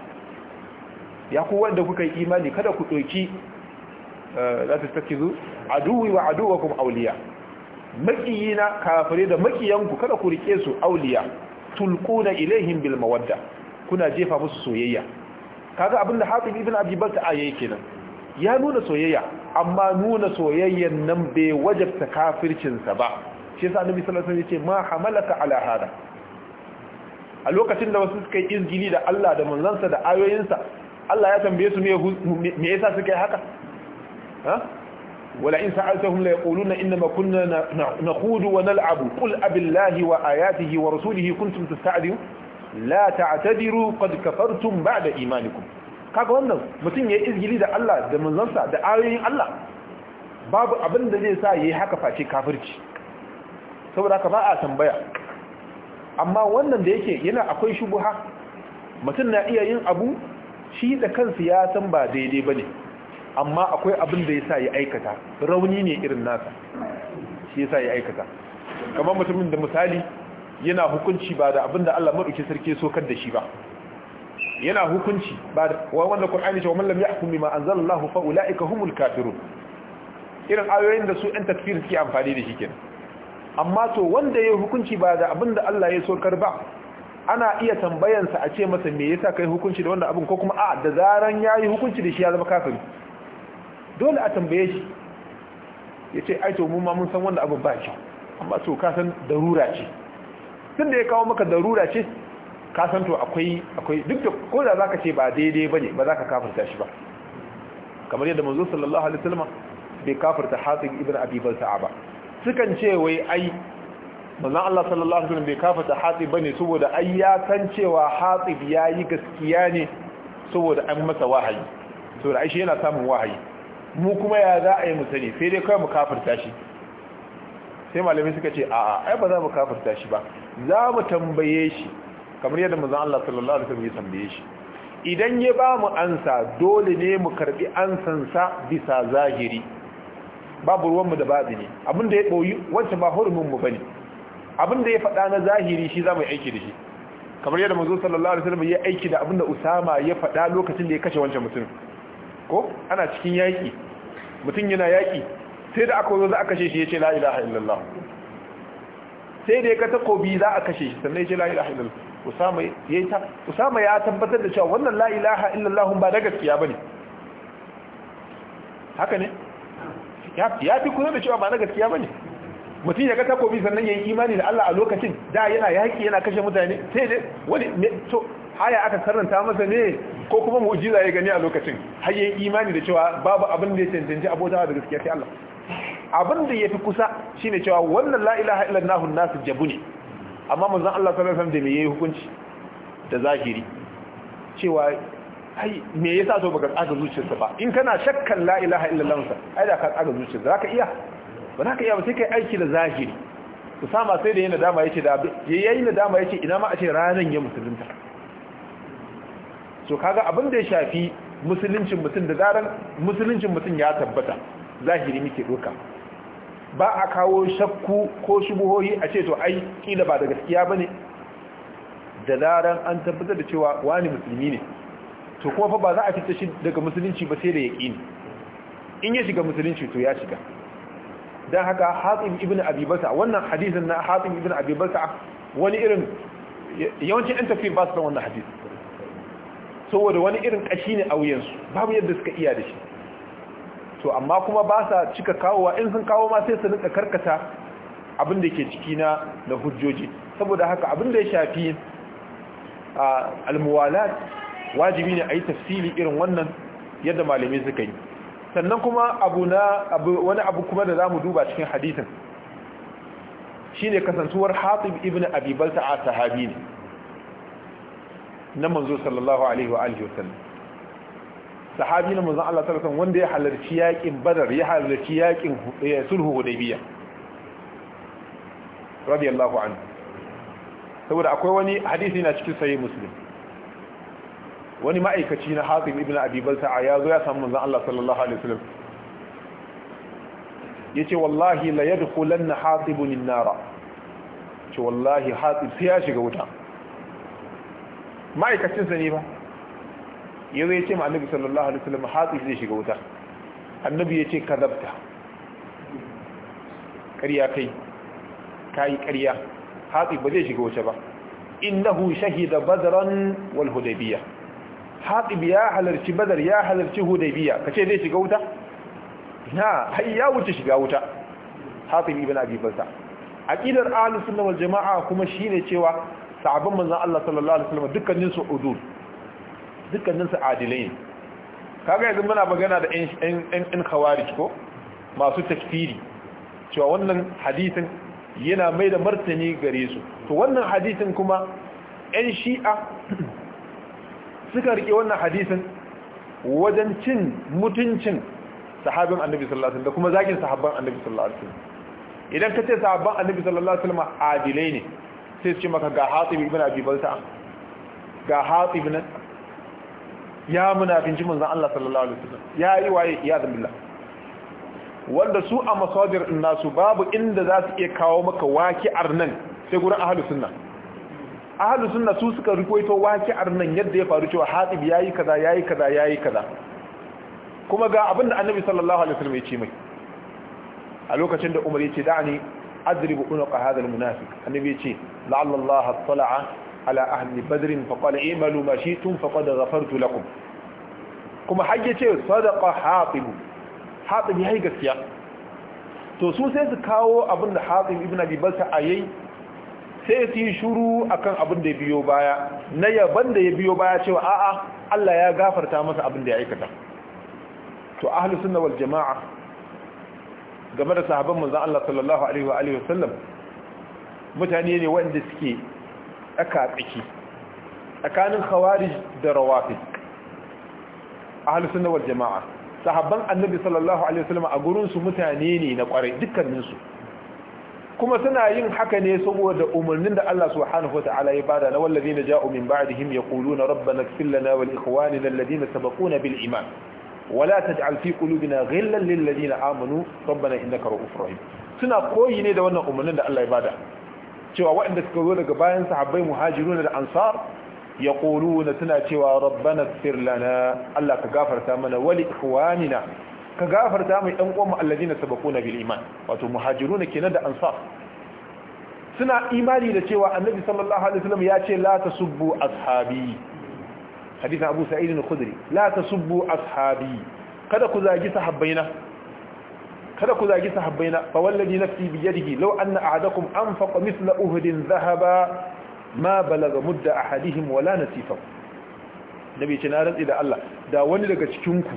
ya ku wanda kuka yi imani kada ku doki eh, la tattakhidhu aduwwi wa aduwwakum awliya makiyina kafire da makiyanku kada ku rike su awliya tulquna ilayhim bil mawadda kuna jefa musu soyayya kaga abinda hatim ibn abi ta ayayi kenan ya nuna soyayya amma nuna soyayyan nan bai wajabta kafircinsa ba shi yasa annabi sallallahu alaihi wasallam yace ma hamalaka ala hada a lokacin da wasu suka yi izgili da Allah da manzansa da ayoyinsa Allah ya tambaye su me yasa suka yi haka ha wala in sa'altahum la yaquluna inma kunna nakhudu wa nal'abu qul abillahi wa ayatihi wa rasulihi kuntum tasta'dilun la ta'tadiru qad kafartum da imanikum kaga wannan mutum yi izgili da Allah da manzansa da ayoyin Allah babu abin da zai sa yayi haka face kafirci saboda haka ba a tambaya amma wannan da yake yana akwai shubuha mutum na iya yin abu shi da kansa ya san ba daidai ba ne. amma akwai abin da yasa ya aikata rauni ne irin nasa shi yasa ya aikata kamar mutumin da misali yana hukunci ba da abinda Allah madauki sarki sokar da shi ba yana hukunci ba da wanda Qur'ani ce wa man lam yahkum bima anzalallahu fa ulaika humul kafirun irin ayoyin da su ɗan tafsir suke amfani da shi kenan amma to wanda ya hukunci ba da abinda Allah ya kar ba ana iya tambayansa a ce masa me yasa kai hukunci da wannan abin ko kuma a da zaran yayi hukunci da shi ya zama kafiri dole a tambaye shi yace ai to mun ma mun san wannan abin ba shi amma to ka san darura ce tun da ya kawo maka darura ce ka san to akwai akwai duk da ko da zaka ce ba daidai bane ba zaka kafirta shi ba kamar yadda manzo sallallahu alaihi wasallam bai kafirta Hatib ibn Abi Balta'a ba sukan ce wai ai manzo Allah sallallahu alaihi wasallam bai kafirta Hatib bane saboda ai ya san cewa Hatib yayi gaskiya ne saboda an masa wahayi saboda ai shi yana samun wahayi mu kuma ya za a yi mu sani sai dai kai mu kafirta shi sai malamai suka ce a'a ai ba za mu kafirta shi ba za mu tambaye shi kamar yadda manzon Allah sallallahu alaihi wasallam ya tambaye shi idan ya ba mu ansa dole ne mu karbi sa bisa zahiri babu ruwanmu da ne abinda ya boyi wancan ba hurumin mu bane abinda ya faɗa na zahiri shi za mu aiki da shi kamar yadda manzo sallallahu alaihi wasallam ya aiki da abinda Usama ya faɗa lokacin da ya kashe wancan mutum ko ana cikin yaki mutum yana yaki sai da aka zo za a kashe shi ya ce la ilaha illallah sai da ya ka takobi za a kashe shi sannan ya ce la ilaha illallah usama ya ya tabbatar da cewa wannan la ilaha illallah ba na gaskiya ba ne? haka ne ya fi kuna da cewa ba na gaskiya ba ne? mutum ya ga takobi sannan ya yi imani da Allah a lokacin da yana yaki yana kashe mutane sai dai wani to haya aka karanta masa ne ko kuma mu'jiza ya gani a lokacin har yayi imani da cewa babu abin da ya cancanci abota da gaskiya sai Allah abin da fi kusa shi ne cewa wannan la ilaha illallah nasu jabu ne amma manzon Allah sallallahu alaihi da me yi hukunci da zahiri cewa ai me yasa to baka tsaga zuciyarsa ba in kana shakkan la ilaha illallah ai da ka tsaga zuciyarsa ka iya ba za ka iya ba sai kai aiki da zahiri sama sai da yayin ya ce da yayin nadama ce ina ma a ce ranar ya musulunta so kaga abin da ya shafi musuluncin mutum da zaran musuluncin mutum ya tabbata zahiri muke doka ba a kawo shakku ko shubuhohi a ce to ai kila ba da gaskiya bane da zaran an tabbatar da cewa wani musulmi ne to kuma fa ba za a fita shi daga musulunci ba sai da yaqini in ya shiga musulunci to ya shiga dan haka Hatim ibn Abi Basa wannan hadisin na Hatim ibn Abi Basa wani irin yawancin ɗan tafi ba su da wannan hadisi saboda wani irin ƙashi ne a wuyansu babu yadda suka iya da shi to amma kuma ba sa cika kawowa in sun kawo ma sai su rinka karkata abin da ke ciki na na hujjoji saboda haka abin da ya shafi almuwalat wajibi ne a yi tafsiri irin wannan yadda malamai suka yi sannan kuma abu na wani abu kuma da zamu duba cikin hadisin shine kasantuwar Hatib ibn Abi Balta'a sahabi ne na manzo sallallahu alaihi wa alihi wasallam sahabi na mazan Allah sallallahu wanda ya halarci yakin badar ya halarci yakin eh, sulhu hudaibiya radiyallahu anhu saboda akwai wani hadisi na cikin sahih muslim wani ma'aikaci na Hatim ibn Abi Balta'a ya zo ya samu mazan Allah sallallahu alaihi wasallam yace wallahi la yadkhulanna Hatibun an-nara ce wallahi Hatib sai ya shiga wuta ma'aikacin sa ne ba ya zai ce ma annabi sallallahu alaihi wasallam hatsi zai shiga wuta annabi ya ce kazabta ƙarya kai ka yi ƙarya hatsi ba zai shiga wuta ba innahu shahida badran wal hudaybiyah hatib ya halarci badar ya halarci hudaybiya kace zai shiga wuta na ai ya wuce shiga wuta hatsi ibn abi balta aqidar ahlus sunna wal jamaa kuma shine cewa sahabban manzon Allah sallallahu alaihi wasallam dukkanin su udud dukkaninsu adilai ne kaga yanzu muna magana da in khawarij ko masu takfiri cewa wannan hadisin yana mai da martani gare su to wannan hadisin kuma yan shi'a suka rike wannan hadisin wajen cin mutuncin sahabin annabi sallallahu alaihi wasallam da kuma zakin sahabban annabi sallallahu alaihi wasallam idan ka ce sahabban annabi sallallahu alaihi wasallam adilai ne sai su ce maka ga hatib ibn abi balta ga hatib ibn ya munafinci manzon Allah sallallahu alaihi wasallam ya yi waye ya billah wanda su a masadir nasu babu inda za su iya kawo maka waki'ar nan sai gurin ahlus sunna ahlus sunna su suka rikoito waki'ar nan yadda ya faru cewa hatib yayi kaza yayi kaza yayi kaza kuma ga abinda annabi sallallahu alaihi wasallam ya ce mai a lokacin da umar ya ce da'ani adribu unuqa hadha almunafiq annabi ya ce la'alla Allah tala'a على أهل بدر فقال اعملوا ما شئتم فقد غفرت لكم kuma hayyace sadaqa hatib hatib yayi gaskiya to su sai su kawo abin da hatib ibn abi balta ayi sai su yi shuru akan abin da ya biyo baya na yaban da ya biyo baya cewa a'a Allah ya gafarta masa abin da ya aikata to ahlus sunna wal jamaa game da sahabban manzon Allah sallallahu alaihi wa alihi sallam mutane ne wanda suke tsaka tsaki tsakanin khawarij da rawafid a sunna wal jamaa sahabban annabi sallallahu alaihi wasallam a gurinsu mutane ne na kwarai dukkaninsu. kuma suna yin haka ne saboda umarnin da Allah subhanahu wataala ya bada na wallazina ja'u min ba'dihim yaquluna rabbana ighfir lana wa li ikhwanina alladhina sabaquna bil iman ولا تجعل في قلوبنا غلا للذين امنوا ربنا انك رؤوف رحيم suna koyi ne da wannan umarnin da Allah ya bada cewa waɗanda suka zo daga bayan sahabbai muhajiruna da ansar ya na suna cewa rabbana lana Allah ka gafarta mana wali ikhwanina ka gafarta mai ɗan uwan alladina sabaquna bil iman wato muhajiruna kenan da ansar suna imani da cewa annabi sallallahu alaihi wasallam ya ce la tasubbu ashabi hadith abu sa'id al-khudri la tasubbu ashabi kada ku zagi sahabbaina kada ku zagi na fa wallazi nafsi bi yadihi law anna ahadakum anfaqa mithla uhdin dhahaba ma balaga mudda ahadihim wala nasifa nabi ce na rantsi da Allah da wani daga cikin ku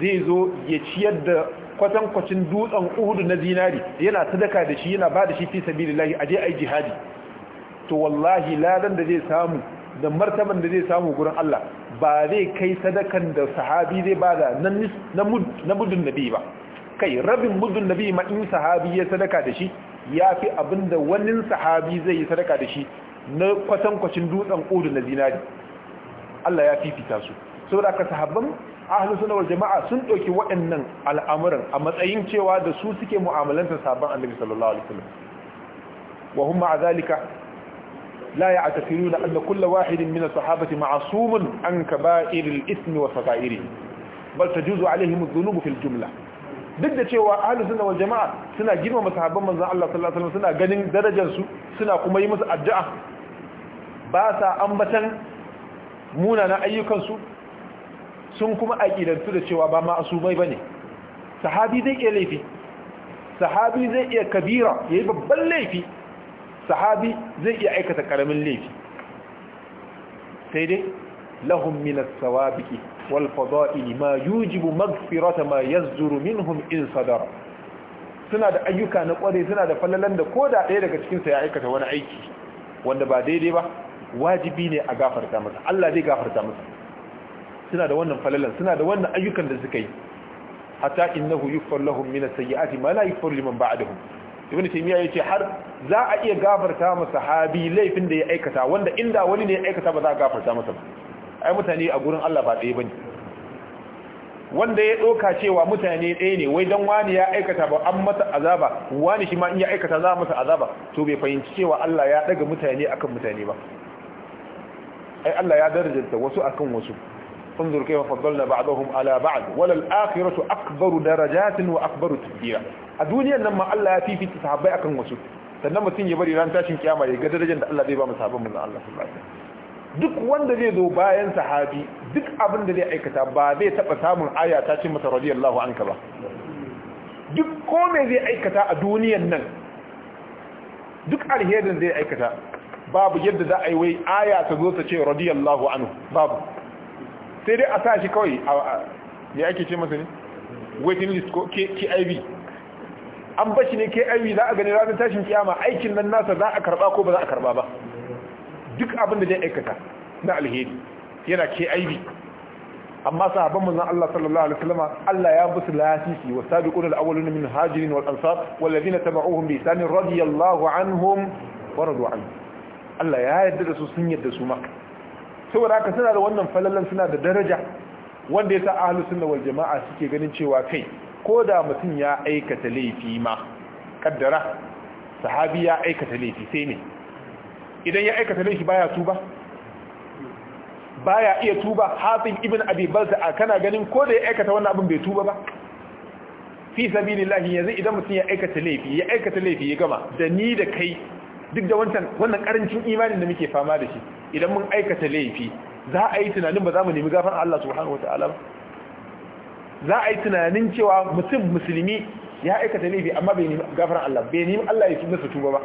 zai zo ya ciyar da kwatan kwacin dutsen Uhud na zinari yana sadaka da shi yana ba da shi fi sabilillahi aje ai jihadi to wallahi ladan da zai samu da martaban da zai samu gurin Allah ba zai kai sadakan da sahabi zai bada na mudun nabi ba kai rabin mudun nabi ma in sahabi ya sadaka da shi ya fi abin da wani sahabi zai yi sadaka da shi na kwatankwacin dutsen Kudu na zinari Allah ya fifita su saboda ka sahabban ahlus sunna wal jama'a sun ɗauki waɗannan al'amuran a matsayin cewa da su suke mu'amalanta sahabban annabi sallallahu alaihi wasallam wa hum ma'a zalika la ya'tafiruna anna kull wahidin min as-sahabati ma'sumun an kaba'ir al-ithm wa sagha'irihi bal tajuzu alaihim adh-dhunub fil jumla duk da cewa ahlus sunna wal jama'a suna girmama sahabban manzon Allah sallallahu alaihi wasallam suna ganin darajar su suna kuma yi musu addu'a ba sa ambatan munanan ayyukan su sun kuma aqidantu da cewa ba ba bane sahabi zai iya laifi sahabi zai iya kabira yayi babban laifi sahabi zai iya aikata karamin laifi sai dai lahum min as-sawabiqi wal fada'ili ma yujibu maghfirata ma yazduru minhum in sadara suna da ayyuka na kware suna da fallalan da koda ɗaya daga cikin sa ya aikata wani aiki wanda ba daidai ba wajibi ne a gafarta masa Allah zai gafarta masa suna da wannan falalan suna da wannan ayyukan da suka yi hatta innahu yughfar lahum min as-sayyi'ati ma la yughfar liman ba'dahum ibn taymiya yace har za a iya gafarta masa sahabi laifin da ya aikata wanda inda wani ne ya aikata ba za a gafarta masa ba ai mutane a gurin Allah ba ɗaya bane wanda ya doka cewa mutane ɗaya ne wai don wani ya aikata ba an masa azaba wani shi ma in ya aikata za masa azaba to bai fahimci cewa Allah ya ɗaga mutane akan mutane ba ai Allah ya darajanta wasu akan wasu sun na ala انظر كيف فضلنا akbaru على بعض وللآخرة أكبر درجات وأكبر تكبيرا الدنيا لما الله في في تصحابي أكن wasu sannan mutum ya bari ran tashin kiyama ya ga darajar da Allah zai ba mu sahabban manzon Allah sallallahu duk wanda zai zo bayan sahabi duk abin da zai aikata ba zai taba samun aya ta ce masa radiyallahu anka ba duk ko me zai aikata a duniyan nan duk alherin zai aikata babu yadda za a yi wai aya ta zo ta ce radiyallahu anu babu sai dai a sa shi kawai ya ake ce masa ne waiting list ko KIV an bashi ne KIV za a gani ranar tashin kiyama aikin nan nasa za a karba ko ba za a karba ba duk abin da zai aikata na alheri yana ke aibi amma sahabban manzon Allah sallallahu alaihi wasallam Allah ya musu lasisi wa sabiqun al-awwaluna min hajirin wal ansar wal ladina tabi'uhum bi ihsan radiyallahu anhum wa radu an Allah ya yarda da su sun yarda su ma saboda haka suna da wannan falalan suna da daraja wanda ya sa ahlus sunna wal jama'a suke ganin cewa kai ko da mutum ya aikata laifi ma kaddara sahabi ya aikata laifi sai ne idan ya aikata laifi baya tuba baya iya tuba hatim ibn abi balza kana ganin ko da ya aikata wannan abin bai tuba ba fi sabilillahi yanzu idan mutum ya aikata laifi ya aikata laifi ya gama da ni da kai duk da wancan wannan karancin imanin da muke fama da shi idan mun aikata laifi za a yi tunanin ba za mu nemi gafar Allah subhanahu wataala ba za a yi tunanin cewa mutum musulmi ya aikata laifi amma bai nemi gafar Allah bai nemi Allah ya masa tuba ba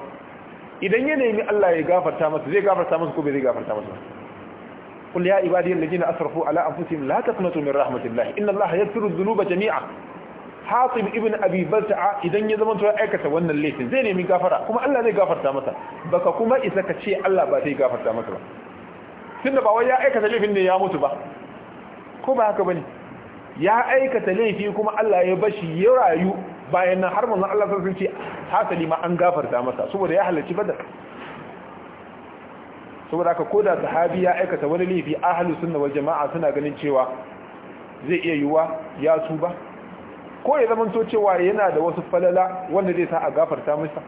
idan ya nemi Allah ya gafarta masa zai gafarta masa ko bai zai gafarta masa قل يا عبادي الذين أسرفوا على أنفسهم لا تقنطوا من رحمة الله إن الله يغفر الذنوب جميعا Hatib ibn Abi Balta'a idan ya zama ya aikata wannan laifin zai nemi gafara kuma Allah zai gafarta masa baka kuma isa ka ce Allah ba zai gafarta masa ba tunda ba wai ya aikata laifin ne ya mutu ba ko ba haka bane ya aikata laifi kuma Allah ya bashi ya rayu bayan nan har manzon Allah sun ce hasali ma an gafarta masa saboda ya halarci badar saboda haka koda sahabi ya aikata wani laifi ahlus sunna wal jama'a suna ganin cewa zai iya yuwa ya tuba ko ya to cewa yana da wasu falala wanda zai sa a gafarta masa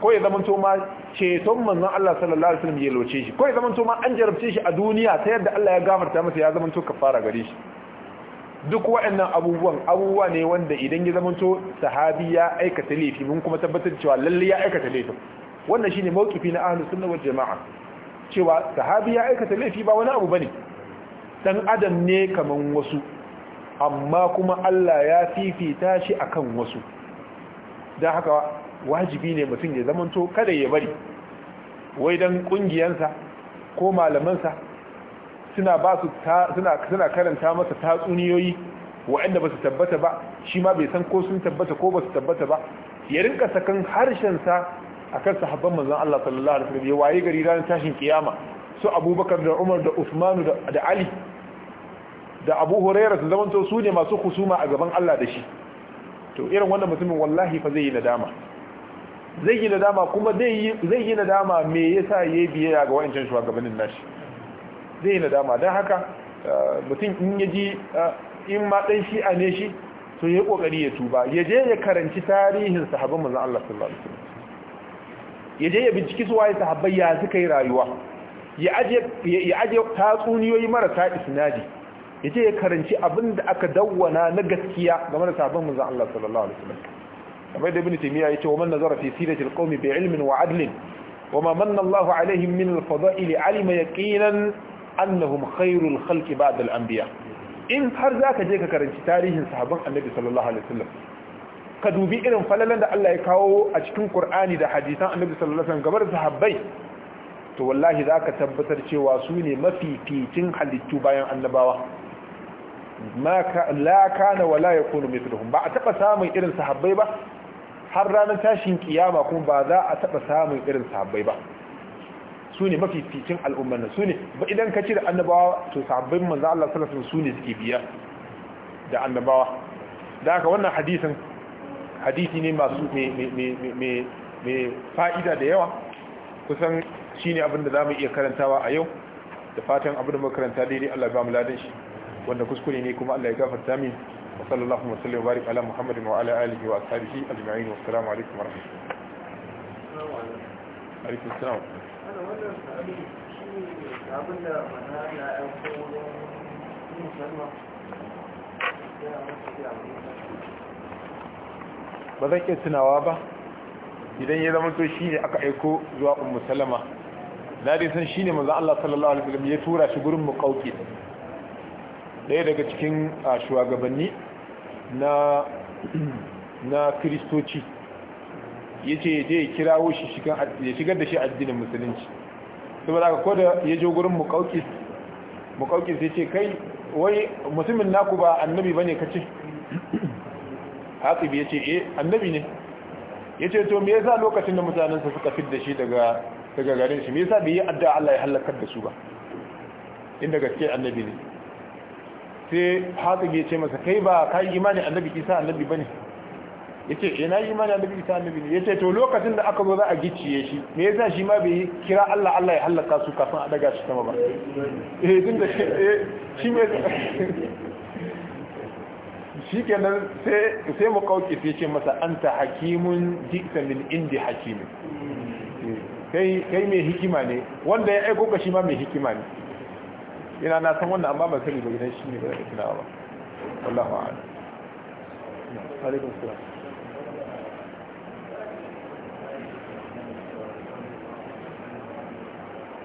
ko ya to ma ceton manzon Allah sallallahu alaihi wasallam ya loce shi ko ya to ma an jarabce shi a duniya ta yadda Allah ya gafarta masa ya to kafara gare shi duk waɗannan abubuwan abubuwa ne wanda idan ya zamanto sahabi ya aikata laifi mun kuma tabbatar cewa lalle ya aikata laifin wannan shine mawqifi na ahlus sunna wal jamaa cewa sahabi ya aikata laifi ba wani abu bane dan adam ne kaman wasu amma kuma Allah ya fifita shi a kan wasu dan haka wajibi ne mutum ya zamanto kada ya bari wai dan ƙungiyarsa ko malamansa suna ba su suna karanta masa tatsuniyoyi waɗanda ba su tabbata ba shi ma bai san ko sun tabbata ko ba su tabbata ba ya rinka sakan harshensa a kan sahabban manzan Allah sallallahu alaihi wasallam ya waye gari ranar tashin kiyama su abubakar da umar da usmanu da ali da abu huraira su zamanto su ne masu husuma a gaban Allah da shi to irin wannan mutumin wallahi fa zai yi nadama zai yi nadama kuma zai yi nadama me yasa yayi biyayya ga wa'ancan shugabannin nashi zai na nadama don haka eh, mutum in ya ji eh, in ma shi a ne shi to ya kokari ya tuba ya je ya karanci tarihin sahabin mazan Allah sallallahu alaihi ya je ya binciki su waye sahabbai ya suka yi rayuwa ya aje tatsuniyoyi marasa isnadi ya je ya karanci abin da aka dawwana na gaskiya game da sahabin mazan Allah sallallahu alaihi wasallam kamar da ibn taymiya yace wa man nazara fi siratil qaumi bi ilmin wa adlin wa ma manna Allahu alaihim min al-fada'il alima yaqinan annahum khairul khalqi ba'da al-anbiya in har zaka je ka karanci tarihin sahabban annabi sallallahu alaihi wasallam ka dubi irin falalan da Allah ya kawo a cikin Qur'ani da hadisan annabi sallallahu alaihi wasallam gabar sahabbai to wallahi zaka tabbatar cewa su ne mafi mafificin halittu bayan annabawa ma ka la kana wala yakunu mithluhum ba a taba samun irin sahabbai ba har ranar tashin kiyama kuma ba za a taba samun irin sahabbai ba su ne mafi fitin al'ummar nan su ne ba idan ka da annabawa to sabbin manzo Allah sallallahu su ne suke biya da annabawa da aka wannan hadisin hadisi ne masu mai fa'ida da yawa kusan shine abin da mu iya karantawa a yau da fatan abin da muka karanta daidai Allah ya ba mu ladan shi wanda kuskure ne kuma Allah ya gafarta min wa sallallahu alaihi wa sallam wa barik ala muhammadin wa ala alihi wa ashabihi ajma'in wa assalamu alaikum wa rahmatullahi ba zan iya tunawa ba idan ya zama to shi ne aka aiko zuwa ummu salama na dai san shi ne manzo Allah sallallahu alaihi wasallam ya tura shi gurin mukauki daya daga cikin shugabanni na na kristoci ya ce je ya kirawo shi ya shigar da shi addinin musulunci saboda ka koda ya je gurin muƙauƙis muƙauƙis ya ce kai wai musulmin naku ba annabi ba ne kace haƙibi ya ce eh annabi ne ya ce to me yasa lokacin da mutanensa suka fit da shi daga daga garin shi me yasa bai yi addu'a Allah ya halakar da su ba inda gaske annabi ne sai haƙibi ya ce masa kai ba kai imani annabi kisa annabi bane yace ina eh, yi mana nabi isa nabi ne yace to lokacin da aka zo za a gicciye shi me yasa shi ma bai kira Allah Allah ya halaka su kafin a daga shi sama ba eh din da shi eh, me shi kenan sai sai mu kauke sai ce masa anta hakimun dikta min indi hakim eh, kai kai mai hikima ne wanda ya aiko ka shi ma mai hikima ne ina na san wannan amma ban sani ba idan shi ne ba da tunawa ba wallahu a'lam alaikum assalam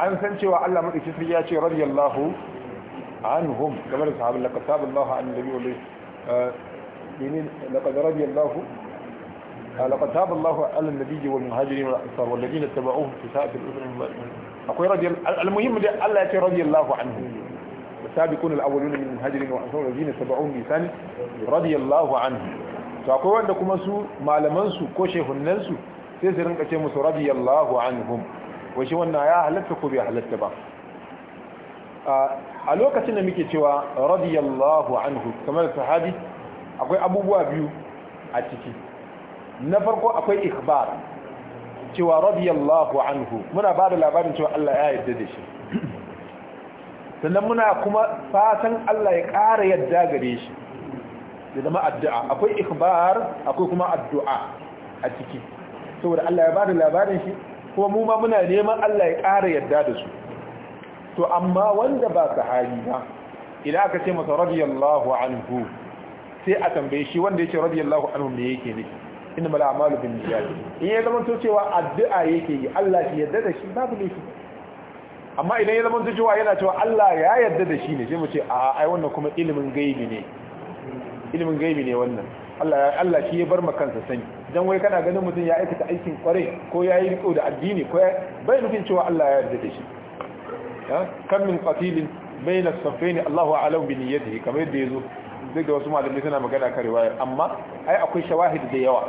an san cewa Allah madaukakin sarki ya ce radiyallahu anhum game da sahabbai laqad saballahu an nabi wa lin eh, laqad radiyallahu eh, laqad saballahu ala nabi wal muhajirin wal ansar wal ladina tabauhu fi sa'ati al-usr akwai radiyallahu al-muhim Allah ya ce radiyallahu anhum to akwai wanda kuma su malaman su ko shehunan su sai su rinka ce musu radiyallahu anhum shi wannan ya halatta ko bai halatta ba a lokacin da muke cewa radiyallahu anhu kamar sahabi akwai abubuwa biyu a ciki na farko akwai ikhbar cewa radiyallahu anhu muna ba da labarin cewa Allah ya yarda da shi sannan muna kuma fatan Allah ya ƙara yarda gare shi da zama addu'a akwai ikhbar akwai kuma addu'a a ciki saboda Allah ya ba da labarin shi Kuma mu ma muna neman Allah ya ƙara yarda da su to amma wanda ba hali ba idan aka ce masa radiyallahu anhu sai a tambaye shi wanda yake radiyallahu anhu me yake ne? inna mal a'malu bin niyyat in ya zama to cewa addu'a yake yi Allah ya yarda da shi babu shi. amma idan ya zama to cewa yana cewa Allah ya yarda da shi ne sai mu ce a ai wannan kuma ilimin gaibi ne ilimin gaibi ne wannan Allah Allah shi ya bar maka kansa sani dan wai kana ganin mutum ya aikata aikin kware, ko ya yi riko da addini ko bai nufin cewa Allah ya yarda da shi kan min qatilin bayna safaini Allahu a'lam bi niyyatihi kamar yadda yazo duk da wasu malamai suna magana kare riwaya amma ai akwai shawahid da yawa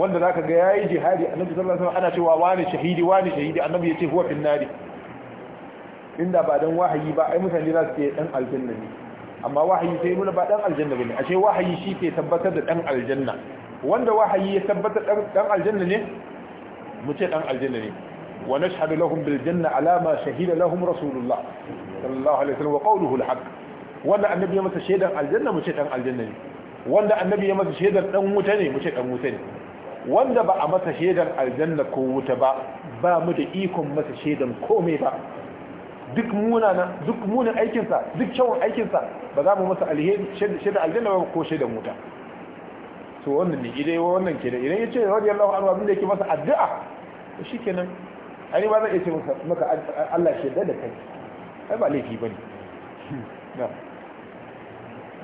wanda zaka ga yayi jihadi annabi sallallahu alaihi wasallam ana cewa wani shahidi wani shahidi annabi yace huwa fil nari inda ba dan wahayi ba ai mutane za su ce dan aljanna ne amma wahayi sai nuna ba dan aljanna bane ashe wahayi shi ke tabbatar da dan aljanna wanda wahayi ya tabbata dan aljanna ne mu ce dan aljanna ne wa nashhadu lahum bil janna ala ma shahida lahum rasulullah sallallahu alaihi wasallam wa qawluhu al haqq wanda annabi ya masa shaidan aljanna mu ce dan aljanna ne wanda annabi ya masa shaidan dan wuta ne mu ce dan wuta ne wanda ba a masa shaidan aljanna ko wuta ba ba mu da ikon masa shaidan komai ba duk munana duk munin aikinsa duk kyawun aikinsa ba za mu masa alheri shaidan aljanna ba ko shaidan wuta to wannan ne idai wannan ke da idan ya ce radiyallahu anhu abin da yake masa addu'a shi kenan ai ba zai ce maka Allah shi da kai ai ba laifi bane na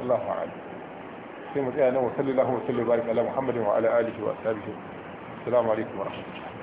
Allahu a'lam sai mu tsaya nan wa sallallahu wa sallam barik ala muhammadin wa ala alihi wa ashabihi assalamu alaikum wa rahmatullahi